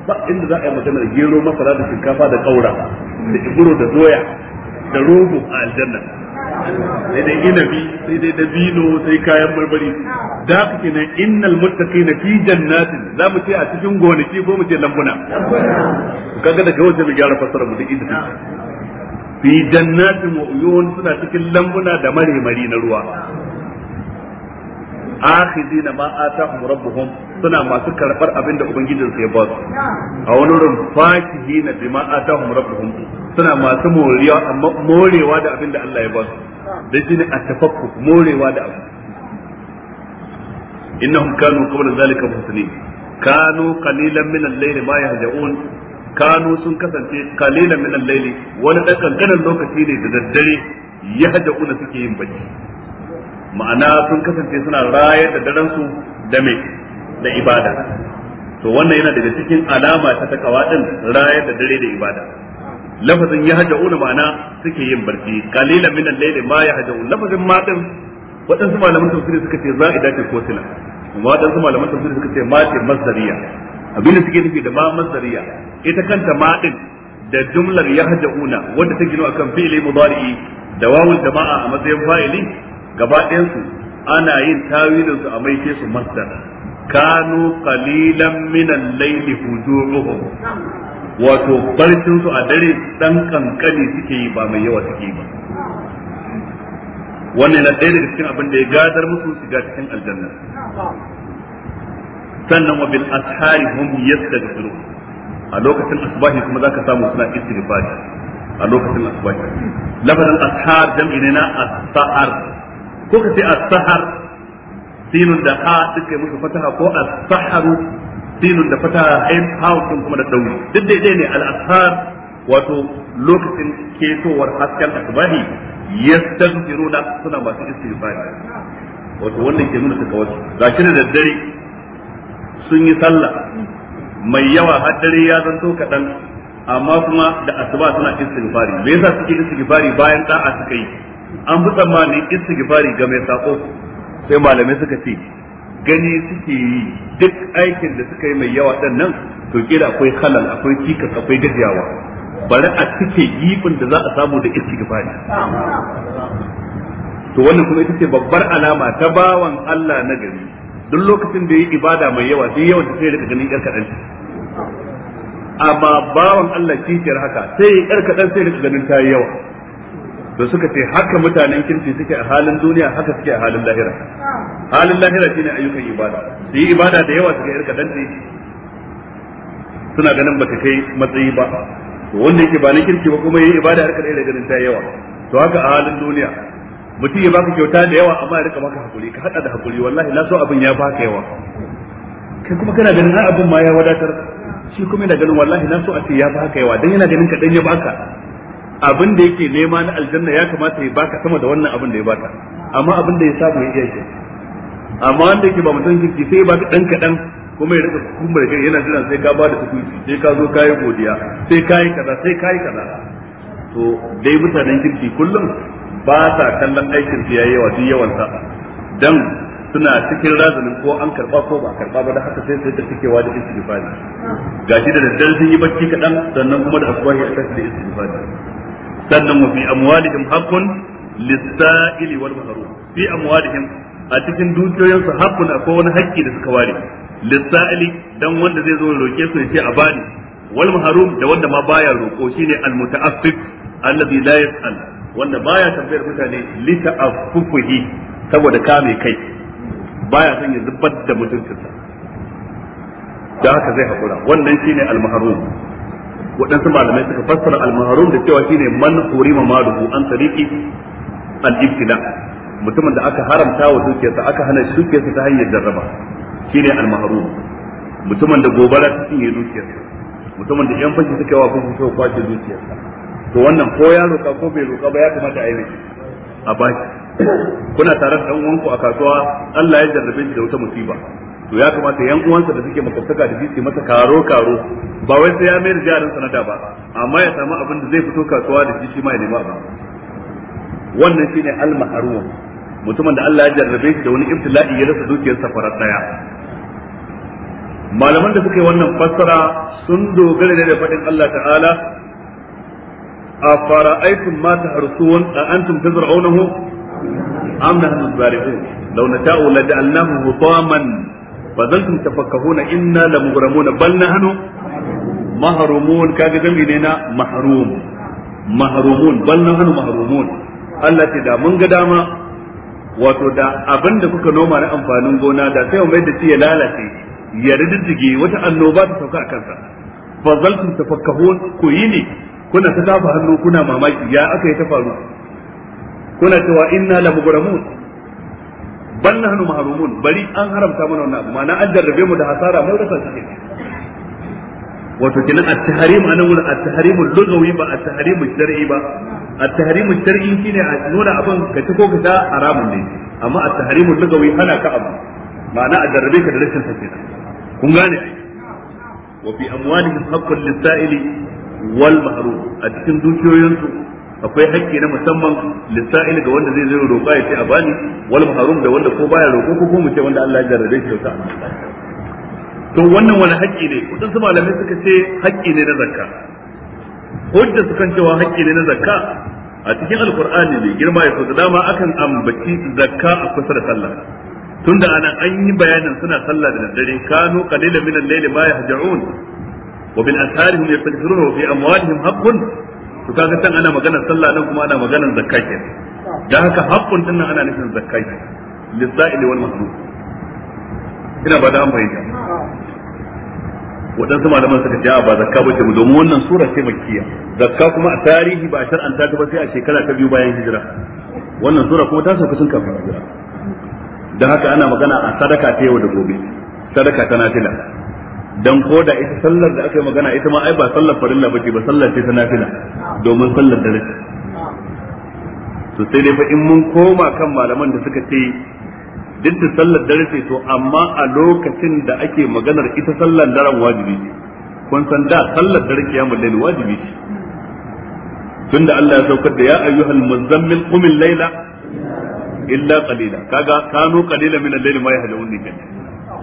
ba inda za a yi maganar gero masara da shinkafa da kaura da iburo da doya da rogo a aljanna sai dai inabi sai dai dabino sai kayan marmari da haka kenan innal muttaqina fi jannatin za mu ce a cikin gonaki ko mu ce lambuna kaga daga wajen mu gyara fasara mu da ta. fi jannatin wa uyun suna cikin lambuna da marmari na ruwa akhidina ma atahum rabbuhum suna masu karbar abin da ubangijin ya ba su a wani wurin fakihina bima atahum rabbuhum suna masu morewa amma morewa da abin da Allah ya ba su ne shine atafakku morewa da abu innahum kanu qabla zalika muslimin kanu qalilan min al-layli ma yahjaun kanu sun kasance qalilan min al-layli wani dan kankanin lokaci ne da daddare yahjauna suke yin bacci ma'ana sun kasance suna rayar da daren su da me da ibada to wannan yana daga cikin alama ta takawa din rayar da dare da ibada lafazin ya haja'una ma'ana suke yin barci qalilan min al-layli ma yahja'un lafazin ma din waɗansu malaman tafsiri suka ce ida ce ko sila waɗansu malaman tafsiri suka ce ma ce masdariya abin da suke nufi da ma masdariya ita kanta ma din da jumlar ya una wanda ta gino akan fi'li mudari da wawun jama'a a matsayin fa'ili gaba ɗayan su ana yin tawilin su a maishe su masdar kanu qalilan min al-layli hujuruhum wato barcin su a dare dan kankani suke yi ba mai yawa suke yi ba wannan na ɗaya daga cikin abin da ya gadar musu shiga cikin aljanna sannan wa bil ashari hum yastaghfirun a lokacin asbahi kuma zaka samu suna istighfar a lokacin asbahi lafazin ashar jam'i ne na as-sa'ar ko ka ce as-sahar sinun da ha duka musu fataha ko as-saharu sinun da fataha ayin hawun kuma da dauri duk da dai ne al-ashar wato lokacin ketowar hasken asbahi yastaghfiruna suna masu istighfari wato wannan ke nuna takawaci gashi da daddare sun yi sallah mai yawa har dare ya zanto kaɗan amma kuma da asuba suna istighfari me yasa suke istighfari bayan da'a suka yi an fi tsammanin istighfari ga mai sako sai malamai suka ce gani suke yi duk aikin da suka yi mai yawa ɗan nan to kila akwai halal akwai cikas akwai gajiyawa bari a cike gifin da za a samu da istighfari to wannan kuma ita ce babbar alama ta bawan Allah na gari duk lokacin da yi ibada mai yawa sai yawan sai rika ganin yar kadan amma bawan Allah kishiyar haka sai yar kadan sai rika ganin ta yawa da suka ce haka mutanen kirki suke a halin duniya haka suke a halin lahira halin lahira shine ayyukan ibada su yi ibada da yawa su ga irka dante suna ganin baka kai matsayi ba to wanda yake ba na kirki ba kuma yi ibada irka da ganin ta yawa to haka a halin duniya mutum ya baka kyauta da yawa amma ya rika maka hakuri ka hada da hakuri wallahi na so abin ya baka yawa kai kuma kana ganin har abin ma ya wadatar shi kuma yana ganin wallahi na so a ce ya baka yawa dan yana ganin ka dan ya baka abin da yake nema na aljanna ya kamata ya baka sama da wannan abin da ya baka amma abin da ya samu ya iya shi amma wanda yake ba mutum kirki sai ya baka dan kadan kuma ya rika kumbura kai yana jira sai ka ba da kuɗi sai ka zo kayi godiya sai kayi kaza sai kayi kaza to dai mutanen kirki kullum ba sa kallon aikin su yayi wato yawan sa dan suna cikin razanin ko an karba ko ba karba ba da haka sai sai ta cikewa da istighfari gashi da daddare sun yi bacci kadan sannan kuma da asubahi a tafi da istighfari sannan wa fi amwalihim haqqun lis-sa'ili wal mahrum fi amwalihim a cikin dukiyoyinsu haqqun akwai wani haƙƙi da suka ware lis-sa'ili dan wanda zai zo roke su yace a bani wal mahrum da wanda ma baya roko shine al-muta'affif alladhi la yas'al wanda baya tambayar mutane li ta'affufihi saboda kame kai baya son ya zubar da mutuncinsa da haka zai haƙura wannan shine al-mahrum waɗansu malamai suka fassara al-mahrum da cewa shine man hurima maluhu an tariqi al-ibtila mutumin da aka haramta wa dukiyarsa aka hana dukiyarsa ta hanyar jarraba shine al-mahrum mutumin da gobara ta cinye dukiyarsa mutumin da yan fashi suka yawa kun fito kwace dukiyarsa to wannan ko ya roka ko bai roka ba ya kamata a yi a baki kuna tare da ɗan uwanku a kasuwa Allah ya jarrabe shi da wata musiba to ya kamata yan uwansa da suke makwabtaka da shi masa karo karo ba wai sai ya mayar jarin sanada ba amma ya samu abin da zai fito kasuwa da shi ma ya nema ba wannan shine al-mahrum mutumin da Allah ya jarrabe shi da wani ibtila'i ya rasa dukiyarsa farar daya malaman da suka wannan fassara sun dogara da faɗin Allah ta'ala a fara'aitun ma ta harsuwan a antum tazra'unahu am nahnu zari'un law nata'u la ja'alnahu hutaman fa zaltum na inna lamugramuna bal hannu mahrumun kaga zambi ne na mahrum mahrumun bal hannu mahrumun Allah ce da mun ga dama wato da abin da kuka noma na amfanin gona da sai mai da shi ya lalace ya riddige wata annoba ta sauka a kansa fa zaltum tafakkahun ku yi ne kuna ta tafa hannu kuna mamaki ya aka yi ta faru kuna cewa inna lamugramuna bal nahnu mahrumun bari an haramta mana wannan abu ma'ana an jarrabe mu da hasara mun rasa shi wato kenan at-tahrim anan wurin at-tahrim al-lughawi ba at-tahrim al-shar'i ba at-tahrim al-shar'i shine a nuna abin ka ci ko ka da haramun ne amma at-tahrim al-lughawi hana ka abu ma'ana a jarrabe ka da rashin sa kenan kun gane wa fi amwalihim haqqul lis-sa'ili wal mahrum a cikin dukiyoyinsu akwai hakki na musamman lissa'il ga wanda zai zo roƙa ya ce a bani wal muharum da wanda ko baya roƙo ko mu ce wanda Allah ya jarrabe shi kyauta to wannan wani hakki ne wadansu malamai suka ce hakki ne na zakka hujja su kan cewa hakki ne na zakka a cikin alkur'ani ne girma ya da dama akan ambaci zakka a kusa da sallah tunda ana an yi bayanin suna sallah da daddare kanu qalilan min al-layli ma yahja'un wa bil asharihim yastaghfiruna fi amwalihim haqqun to kaga can ana magana sallah nan kuma ana magana zakka ke da haka hakkun din nan ana nufin zakka ke lisa'ili wal mahmud ina ba da an bayyana waɗansu malaman suka ce ba zakka ba ce domin wannan sura ce makkiya zakka kuma a tarihi ba a shar'anta ta ba sai a shekara ta biyu bayan hijira wannan sura kuma ta sauka tun kafin hijira da haka ana magana a sadaka ta yau da gobe sadaka ta nafila dan koda ita sallar da aka yi magana ita ma ai ba sallar farilla bace ba sallar ce ta nafila domin sallar dare to sai dai fa in mun koma kan malaman da suka ce duk da sallar dare ce to amma a lokacin da ake maganar ita sallar daren wajibi ce kun san da sallar dare kiyamul layl wajibi ce tunda Allah ya saukar da ya ayyuhal muzammil qumil layla illa qalila kaga kanu qalila min al-layli ma yahdaun ne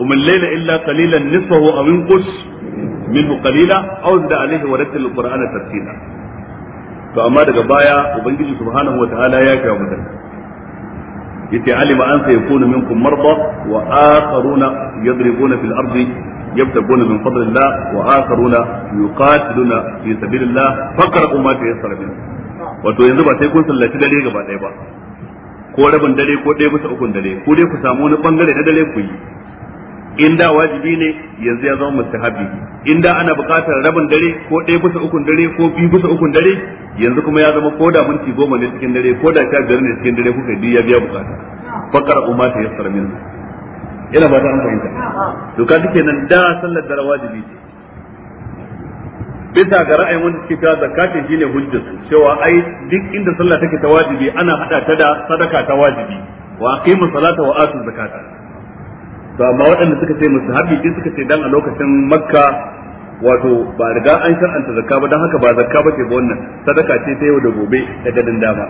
ومن الليل إلا قليلا نصفه أو ينقص منه قليلا أو زد عليه ورتل القرآن ترتيلا فأما daga baya ubangiji subhanahu wataala ya kawo mutan yace alima an sai yakunu minkum marda wa akharuna yadribuna fil ardi yabtaguna min fadlillah wa akharuna yuqatiluna fi sabilillah faqra'u wato yanzu ba sai kun sallaci dare gaba ba ko rabin dare ko ɗaya bisa ukun dare ko dai ku samu wani bangare na dare ku yi in da wajibi ne yanzu ya zama mustahabi in da ana buƙatar rabin dare ko ɗaya bisa ukun dare ko biyu bisa ukun dare yanzu kuma ya zama koda minti goma ne cikin dare ko da sha biyar ne cikin dare kuka biyu ya biya buƙata fakar umma ta yassar min ina ba ta an fahimta to ka ke nan da sallar dare wajibi ce bisa ga ra'ayin wanda suke cewa zakatin shine hujjar cewa ai duk inda sallah take ta wajibi ana hada ta da sadaka ta wajibi wa aqimu salata wa atu zakata to amma waɗanda suka ce musu habi din suka ce dan a lokacin makka wato ba riga an shar'anta zakka ba dan haka ba zakka ba ce ba wannan sadaka ce ta yau da gobe ta gadin dama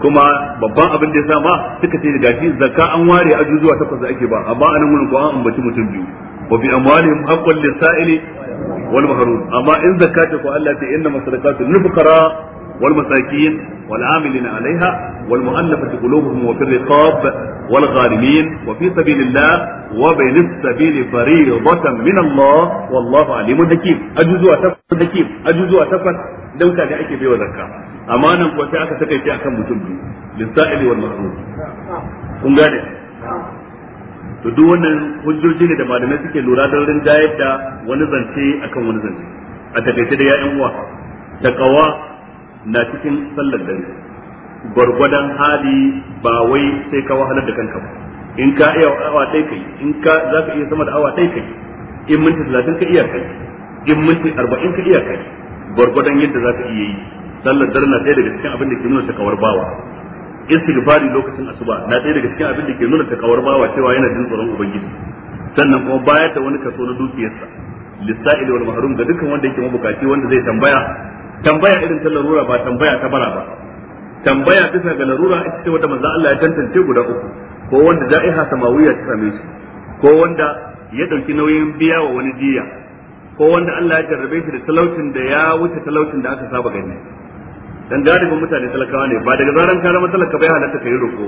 kuma babban abin da ya sa ma suka ce daga shi zakka an ware ajujuwa takwas da ake ba amma anan gurin ko an ambaci mutum biyu wa bi amwalihim haqqul lisa'ili wal mahrur amma in zakka ta ko Allah ta inna masadaqatu lil fuqara والمساكين والعاملين عليها والمؤلفة قلوبهم وفي الرقاب والغارمين وفي سبيل الله وبين السبيل فريضة من الله والله عليم حكيم أجوز وأتفت حكيم أجوز وأتفت لو كان أكي بي وذكا أمانا وسعك سكيتي أكم متنبي للسائل والمخلوق kun gane to duk wannan hujjoji ne da malamai suke lura da rin da wani zance akan wani zance a takaice da ya'yan uwa takawa na cikin sallar dare gwargwadon hali ba wai sai ka wahalar da kanka ba in ka iya awa dai kai in ka za ka iya sama da awa dai kai in minti talatin ka iya kai in minti arba'in ka iya kai gwargwadon yadda za ka iya yi sallar dare na ɗaya daga cikin abin da ke nuna takawar bawa istighfari lokacin asuba na ɗaya daga cikin abin da ke nuna takawar bawa cewa yana jin tsoron ubangiji sannan kuma bayar da wani kaso na dukiyarsa lissa'il wal mahrum ga dukkan wanda yake mabukaci wanda zai tambaya tambaya irin ta larura ba tambaya ta bara ba tambaya bisa ga larura ita ce wata manzo Allah ya tantance guda uku ko wanda ja'iha samawiyya ta same shi ko wanda ya dauki nauyin biya wa wani diya ko wanda Allah ya jarrabe shi da talaucin da ya wuce talaucin da aka saba gani dan galibin mutane talakawa ne ba daga zaran ka zama talaka bai halatta kai roko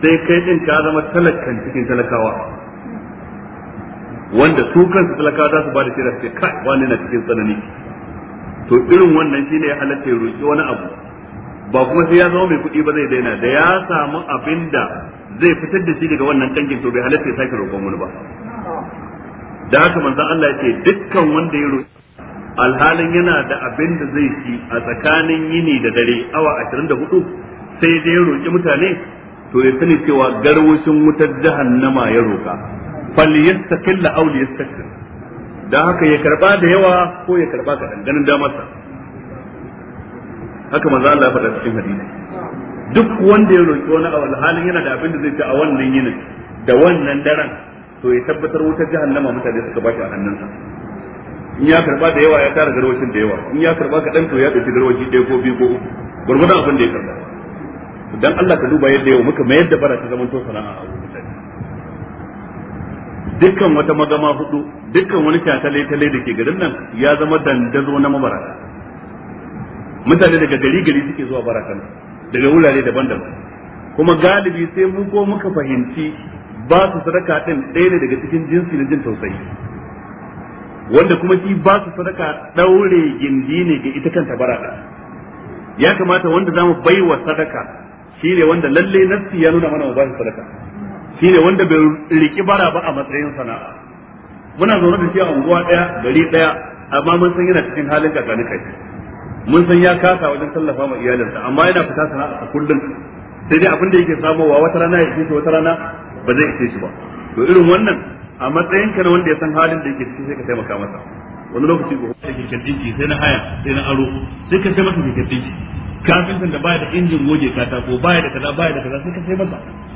sai kai din ka zama talakan cikin talakawa wanda su kansu talakawa za su ba da shi da kai wani na cikin tsanani to irin wannan shine ya halatta ya roki wani abu ba kuma sai ya zama mai kuɗi ba zai daina da ya samu abin da zai fitar da shi daga wannan dangin to bai halatta ya sake roƙon wani ba da haka manzon Allah ya ce dukkan wanda ya roki alhalin yana da abin da zai ci a tsakanin yini da dare awa 24 sai dai ya roki mutane to ya sani cewa garwashin wutar jahannama ya roka fal yastakilla aw yastakbir dan haka ya karba da yawa ko ya karba kaɗan ganin damarsa haka manzo Allah ya faɗa cikin hadisi duk wanda ya roki wani awal halin yana da abin da zai ci a wannan yinin da wannan daren to ya tabbatar wutar jahannama mutane suka ba shi a hannunsa in ya karba da yawa ya tara garwacin da yawa in ya karba kaɗan to ya ɗauki garwaci ɗaya ko biyu ko uku gwargwadon abin da ya karba dan Allah ka duba yadda yau muka mayar da bara ta zama to sana'a a dukkan wata magama hudu dukkan wani shatale-tale da ke garin nan ya zama dandazo na mabaraka mutane daga gari-gari suke zuwa barakan daga wurare daban-daban kuma galibi sai mu ko muka fahimci ba su sadaka din ɗaya ne daga cikin jinsi na jin tausayi wanda kuma shi ba su sadaka ɗaure gindi ne ga ita kanta baraka ya kamata wanda za zamu baiwa sadaka shi ne wanda lalle nassi ya nuna mana ba su sadaka shine wanda bai riki bara ba a matsayin sana'a muna zaune da shi a unguwa daya gari daya amma mun san yana cikin halin kakani kai mun san ya kasa wajen tallafa ma iyalinsa amma yana fita sana'a a kullum sai dai abin da yake samowa wata rana ya ce shi wata rana ba zai ce shi ba to irin wannan a matsayin ka na wanda ya san halin da yake cikin sai ka taimaka masa wani lokaci ko sai keken dinki sai na haya sai na aro sai ka taimaka masa keken dinki kafintan da baya da injin goge katako baya da kaza baya da kaza sai ka taimaka masa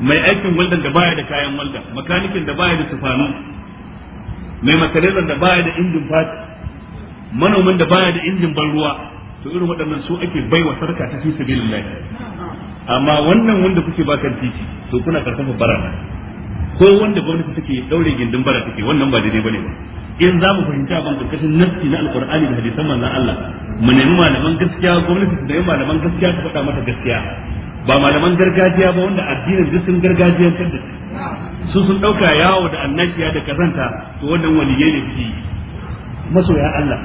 mai aikin waldan da baya da kayan waldan makanikin da baya da tufanu mai makarerar da baya da injin fati manomin da baya da injin ban ruwa to irin waɗannan su ake baiwa sarka ta fi sabilillah amma wannan wanda kuke ba kan titi to kuna karkafin bara ko wanda gwamnati take daure gindin bara take wannan ba daidai bane ba in za mu fahimci abin karkashin nafsi na alkur'ani da hadisan manzon Allah mu nemi malaman gaskiya gwamnati da malaman gaskiya ta faɗa mata gaskiya ba malaman gargajiya ba wanda addinin duk sun gargajiyar kan su sun dauka yawo da annashiya da kazanta to wannan waliyai ne su masoya Allah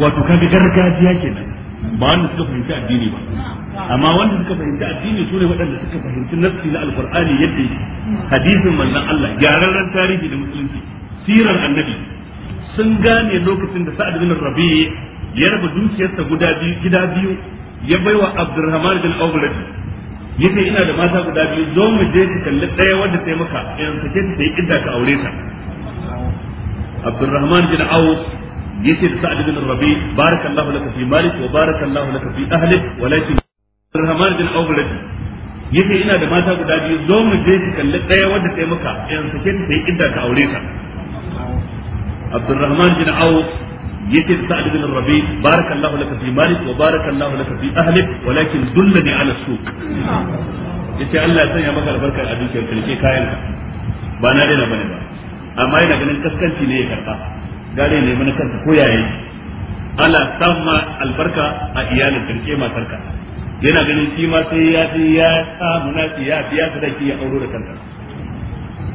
wato kaga gargajiya kenan ba wanda suka fahimci addini ba amma wanda suka fahimci addini su ne waɗanda suka fahimci nafsi na alqur'ani yadda yake hadisin manzon Allah gyararren tarihi da musulunci sirar annabi sun gane lokacin da sa'ad bin rabi ya raba dukiyarsa guda biyu gida biyu ya baiwa Abdurrahman bin Auf rabi yace ina da mata guda biyu zo mu je ki kalli ɗaya wanda ta maka in sake ta yi idda ka aure ta Abdurrahman bin Auf yace da Sa'ad bin Rabi barakallahu laka fi malik wa barakallahu laka fi ahlik walakin Abdurrahman bin Auf rabi yace ina da mata guda biyu zo mu je ki kalli ɗaya wanda ta maka in sake ta yi idda ka aure ta Abdurrahman bin Auf yace da sa'ad bin rabi barakallahu laka fi malik wa barakallahu laka fi ahlik walakin dullani ala suq yace Allah ya sanya maka albarka a dukiyar kirke kayan ba na daina bane ba amma yana ganin kaskanci ne ya karba gare ne mana kanka ko yaye ana samma albarka a iyalin kirke matarka yana ganin shi ma sai ya ce ya samu na ya biya sadaki ya auro da kanka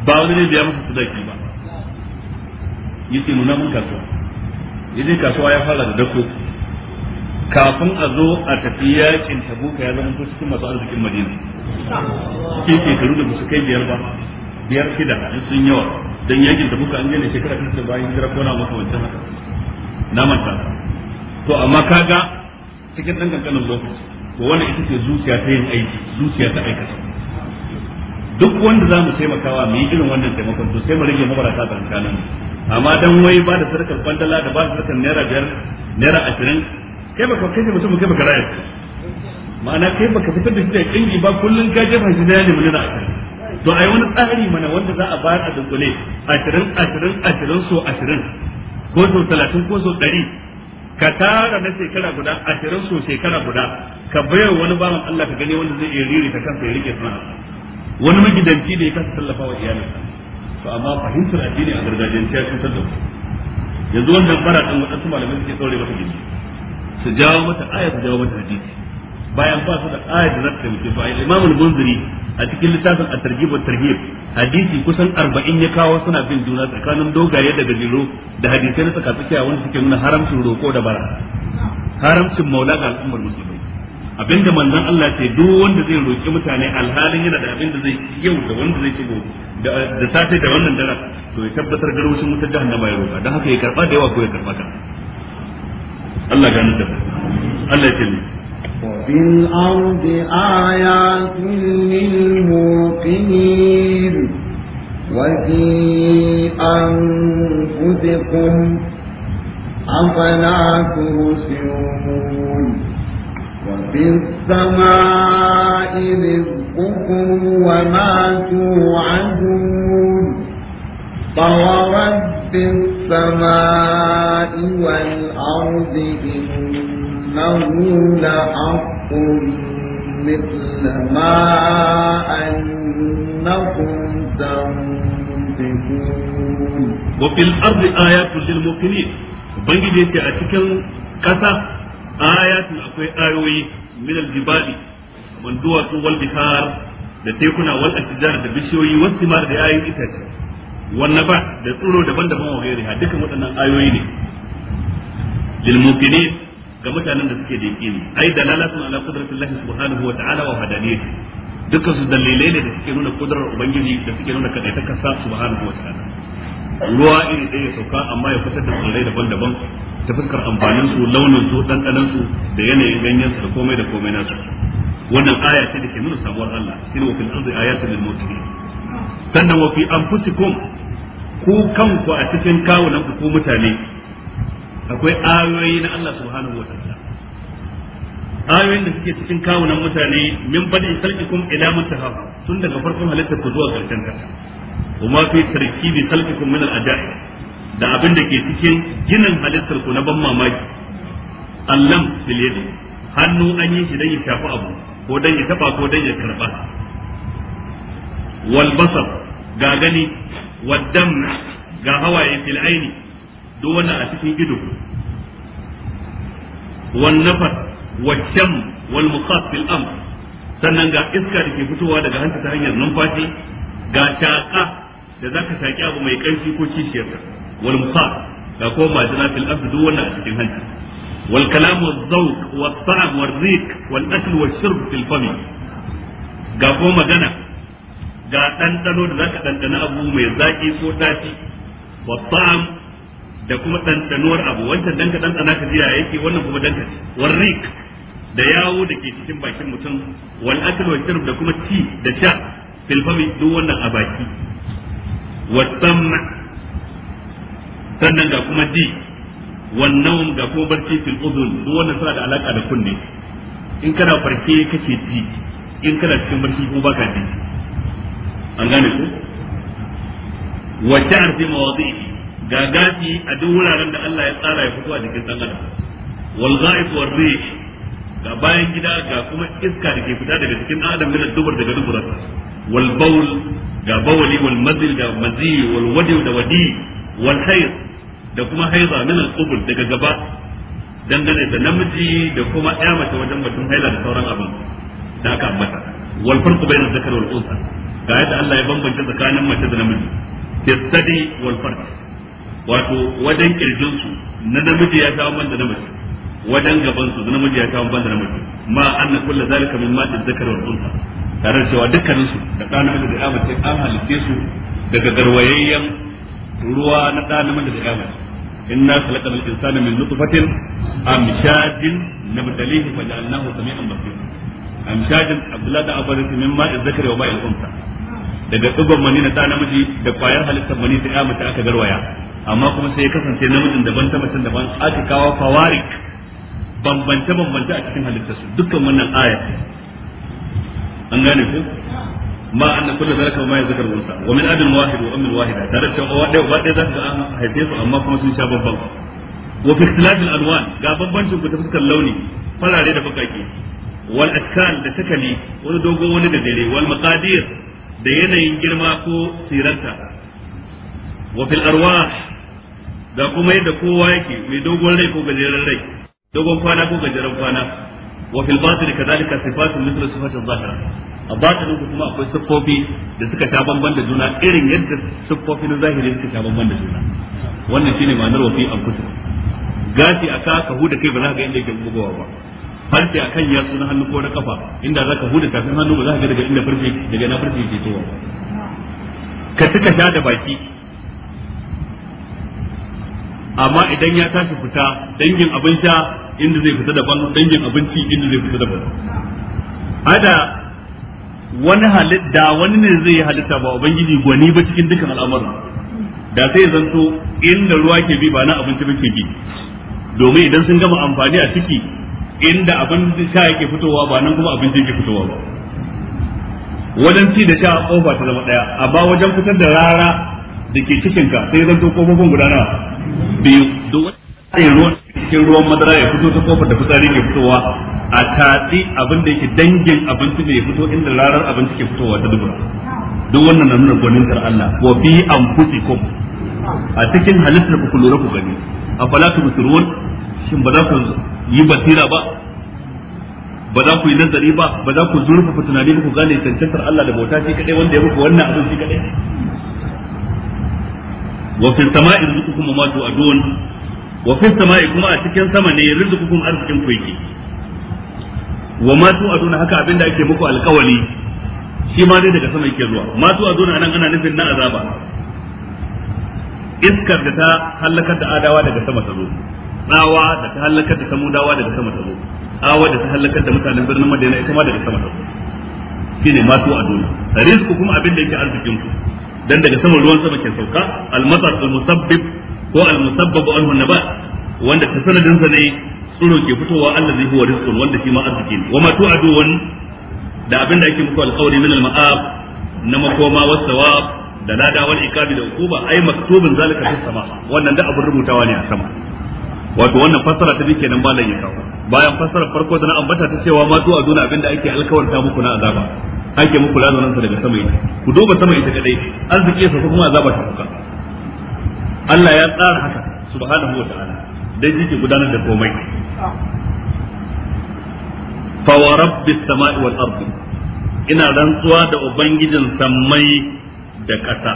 ba wani ne biya masa sadaki ba yace nuna mun kasuwa yaje kasuwa ya fara da dako kafin a zo a tafi yakin tabuka ya zama cikin masu arzikin madina cikin shekaru da su kai biyar ba biyar shida in sun yawa don yakin tabuka an gane shekara ta bayan hijira ko na maka wancan haka na manta to amma kaga cikin dan kankanin lokaci to wannan ita ce zuciya ta yin aiki zuciya ta aikata duk wanda za mu taimakawa mu yi irin wannan taimakon to sai mu rage mabarata tsakanin mu amma dan wai ba da sarkar kwandala da ba da sarkar naira biyar naira ashirin kai baka kai mutum kai baka raya ma'ana kai baka fitar da shi da kingi ba kullun ka jefa shi da yaji na ashirin to ai wani tsari mana wanda za a bayar a dunkule ashirin ashirin ashirin so ashirin ko so talatin ko so ɗari ka tara na shekara guda ashirin so shekara guda ka bayar wani bawan Allah ka gani wanda zai iya riri ta kansa ya riƙe sana'a wani magidanci da ya kasa tallafa wa iyalinsa to amma fahimtar addini a gargajiyance ya cutar da ku yanzu wannan bara din wadansu malamai suke saurayi mata gidi su jawo mata aya su jawo mata hadisi bayan ba su da aya da za ta ba su a imamul munziri a cikin littafin a targhib wa targhib hadisi kusan 40 ya kawo suna bin juna tsakanin dogaye da gajiro da hadisai na tsaka tsakiya wanda suke nuna haramcin roko da bara haramcin maula ga al'ummar musulmi abinda manzon Allah ce duk wanda zai roki mutane alhalin yana da abinda zai yau da wanda zai shigo da safe da wannan dare to ya tabbatar garwashin wutar jahannama ya roka dan haka ya karba da yawa ko ya karba ka? Allah gani da Allah ya tilli وفي الأرض آيات للموقنين وفي أنفسكم أفلا تبصرون وفي السماء رزقكم وما توعدون طورا في السماء والأرض إنه لحق مثل ما أنكم تنطقون وفي الأرض آيات للمؤمنين بنجد a cikin ƙasa ayatun akwai ayoyi min aljibali man duwatsu wal bihar da tekuna wal ashjar da bishiyoyi wasu ma da ayoyin itace wannan ba da tsoro daban-daban wa gairi dukkan waɗannan ayoyi ne lil muqinin ga mutanen da suke da yaqini ai dalalatun ala qudratillahi subhanahu wa ta'ala wa hadaniyati dukkan su dalilai ne da suke nuna kudurar ubangiji da suke nuna kadaitakar sa subhanahu wa ta'ala ruwa iri ɗaya sauka amma ya fitar da tsirrai daban-daban ta fuskar amfanin su launin su ɗanɗanan su da yanayin ganyen su da komai da komai na su wannan aya ce da ke nuna sabuwar Allah shi ne fil ardi aya ta muttaqin sannan an fusi kun ku kanku a cikin kawunan ku ko mutane akwai ayoyi na Allah subhanahu wa ta'ala ayoyin da suke cikin kawunan mutane min bada salkikum ila mutahafu tun daga farkon halittar ku zuwa karshen kasa wa ma fi tarkibi khalqikum min al da abin da ke cikin ginin halittar ku na ban mamaki allam fil yadi hannu an yi shi dan ya shafi abu ko dan ya taba ko dan ya karba wal basar ga gani wad dam ga hawaye fil aini duk wannan a cikin ido wan nafar wal sham wal muqaf fil amr sannan ga iska da ke fitowa daga hanta ta hanyar numfashi ga shaƙa da za ka shaki abu mai ƙarfi ko kishiyarsa wal musar ga ko majina fil ardi duk wannan a cikin hanci wal kalam wal zawq wal ta'am wal riq wal akl wal shurb fil fami ga ko magana ga ɗanɗano da zaka ɗanɗana abu mai zaki ko daci wal ta'am da kuma ɗanɗanuwar abu wancan danka ɗanɗana ka jiya yake wannan kuma danka ce wal riq da yawo da ke cikin bakin mutum wal akl wa shurb da kuma ci da sha fil fami duk wannan a baki wasamma sannan ga kuma ji wannan ga kuma barci fil udhun duk wannan suna da alaka da kunne in kana farke kake ji in kana cikin barci kuma baka ji an gane ko wa sha'r fi mawadi'i ga gashi a duk wuraren da Allah ya tsara ya fito a jikin dan wal ghaib war rih ga bayan gida ga kuma iska da ke fita daga cikin adam yana dubar daga duburarsa wal bawl ga bawali wal mazil da mazi wal wadi da wadi wal hayz da kuma haiza min al qubul daga gaba dangane da namiji da kuma ya mace wajen mutum haila da sauran abin da aka ambata wal farqu bayna zakar wal unsa ga yadda Allah ya bambanta tsakanin mace da namiji tisadi wal farq wato wajen kirjin su na namiji ya tawo man da namiji wajen gaban su na namiji ya tawo man da namiji ma anna kullu zalika min ma zakar wal unsa tare da cewa dukkanin su da ɗa namiji da yamace an halitte su daga garwayayyen ruwa na ɗa namiji da yamace inna khalaqa al insana min nutfatin amshajin nabdalihi nabtalihi ja'alnahu samian basira amshajin abdullah da abarin min ma'in zakari wa ma'il unsa daga dugon mani na ɗa namiji da kwayar halittar mani da yamace aka garwaya amma kuma sai ya kasance namijin daban ta mutum daban aka kawo fawarik bambance bambance a cikin halittarsu dukkan wannan ayat an gane ko ma anna kullu zalika ma yadhkar unsa wa min abin wahid wa min wahida tare da cewa wadai wadai za ga an haife su amma kuma sun sha babban wa fi ikhtilaf al alwan ga bambancin ku ta fuskar launi farare da fakaki wal askan da sakali wani dogo wani da dare wal maqadir da yanayin girma ko siranta wa fil arwah da kuma yadda kowa yake mai dogon rai ko gajeren rai dogon kwana ko gajeren kwana wa fil batin kadhalika sifatun mithlu sifati adh-dhahira a batinin kuma akwai siffofi da suka sha bamban da juna irin yadda siffofi na zahiri suka sha bamban da juna wannan shine ma'anar wa fi anfusikum gashi aka ka huda kai ba za ka ga inda yake bugowa ba har sai akan yatsu na hannu ko na kafa inda za ka huda tafin hannu ba za ka ga daga inda farce daga na farce ke towa ka tuka sha da baki amma idan ya tashi fita dangin abin sha inda zai fita daban dangin abinci inda zai fita daban ada wani halitta wani ne zai yi halitta ba ubangiji gwani ba cikin dukkan al'amuran da sai zanto inda ruwa ke bi ba na abinci ba ke bi domin idan sun gama amfani a ciki inda abin sha yake fitowa ba nan kuma abinci yake fitowa ba wajen ci da sha kofa ta zama daya amma wajen fitar da rara da ke cikinka sai zanto kofofin guda gudanar. biyu sai ruwan cikin ruwan madara ya fito ta kofar da fitsari ke fitowa a tatsi abin da yake dangin abinci ne ya fito inda rarar abinci ke fitowa ta dubura duk wannan na nuna gwanintar Allah wa bi anfusikum a cikin halittar ku lura ku gani a falatu musurun shin ba za ku yi basira ba ba za ku yi nazari ba ba za ku zurfafa tunani ku gane tantantar Allah da bauta shi kadai wanda ya muku wannan abin shi kadai wa fi sama'in rizqukum ma tu'adun wa fi sama'i kuma a cikin sama ne rizqukum arzikin ku yake wa ma tu aduna haka abinda ake muku alkawali shi ma dai daga sama yake zuwa ma tu aduna anan ana nufin na azaba iskar da ta halakar da adawa daga sama ta zo tsawa da ta halakar da samudawa daga sama ta zo awa da ta halakar da mutanen birnin madina ita ma daga sama ta zo shine ma tu aduna rizqukum abinda yake arzikin ku dan daga sama ruwan sama ke sauka al-masar al-musabbib ko al musabbabu anhu nabat wanda ta sanadin sa ne tsiro ke fitowa Allah allazi huwa rizqun wanda shi ma arziki ne wa ma tu'adun da abin da ake muku alƙawari min al ma'ab na makoma wasawab da lada wal ikabi da hukuma ai maktubun zalika fi sama wannan da abin rubutawa ne a sama wato wannan fassara ta bike nan malam ya kawo bayan fassarar farko da na ambata ta cewa ma zuwa duna da ake alƙawarta muku na azaba ake muku lazanin daga sama ita ku duba sama ita kadai arziki sa kuma azaba ta fuka Allah ya tsara haka subhanahu wa ta'ala dai yake gudanar da komai fa wa rabbis samai wal ardi ina rantsuwa da ubangijin sammai da ƙasa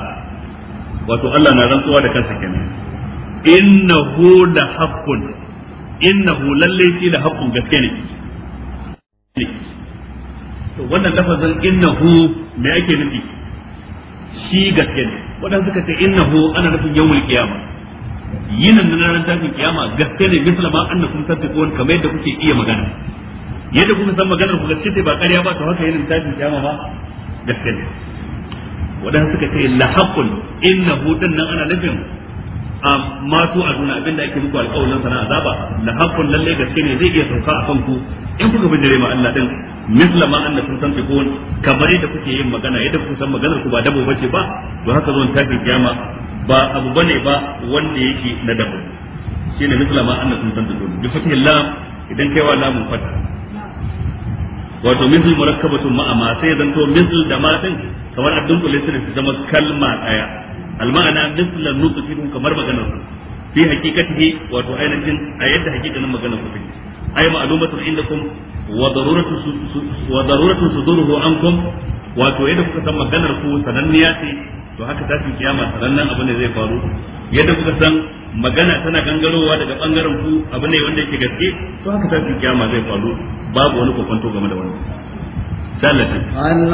wato Allah na rantsuwa da kansa kenan innahu la haqqun innahu lalle shi da haqqun gaske ne to wannan lafazin innahu me ake nufi shi gaske ne wadan suka ce innahu ana nufin yawmul kiyama yinan nan ranar tashin kiyama gaske ne misal ma annakum tasdiqun kamar yadda kuke iya magana yadda kuka san maganar ku gaske ce ba ƙarya ba to haka yinan tashin kiyama ba gaske ne wadan suka ce la haqqun innahu dan nan ana nufin a to a duna abinda ake muku alƙawarin sana azaba la haqqun lalle gaske ne zai iya sauka a kanku in kuka bijire ma Allah din misla ma anna sun san tikun kamar yadda kuke yin magana yadda kuka san maganar ku ba dabo bace ba don haka zo tafi kiyama ba abu bane ba wanda yake na dabo shine misla ma anna sun san tikun bi fatih lam idan kai wa lamun fata wato misl murakkabatun ma'a ma sai zan to misl da ma din kamar abdul kulli su zama kalma daya ma'ana misl nutqin kamar maganar fi hakikatihi wato ainihin a yadda hakikanin maganar ku take ay ma'lumatun indakum wa daruratu wa daruratu suduruhu ankum wato yadda kuka san maganar ku sananniya ce to haka tashin kiyama sanannan abu ne zai faru yadda kuka san magana tana gangarowa daga bangaren ku abu ne wanda yake gaske to haka tashin kiyama zai faru babu wani kokonto game da wannan هل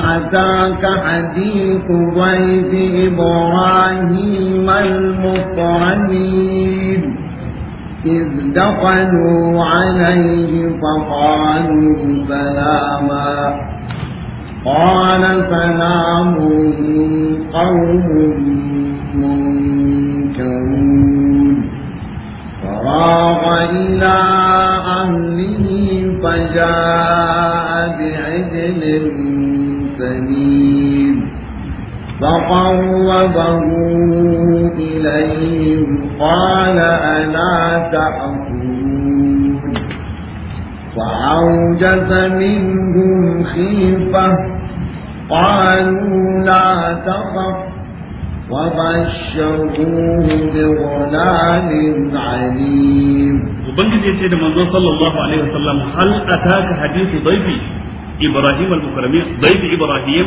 أتاك حديث ضيف إبراهيم المكرمين إذ دخلوا عليه فقالوا سلاما قال سلام قوم منكرون فراغ إلى أهله فجاء بعجل سمين فقربه إليهم قال ألا تأكلون فأوجس منهم خيفة قالوا لا تخف وبشروه بغلام عليم وبنجد يسيد منظور صلى الله عليه وسلم هل أتاك حديث ضيفي إبراهيم المكرمين ضيف إبراهيم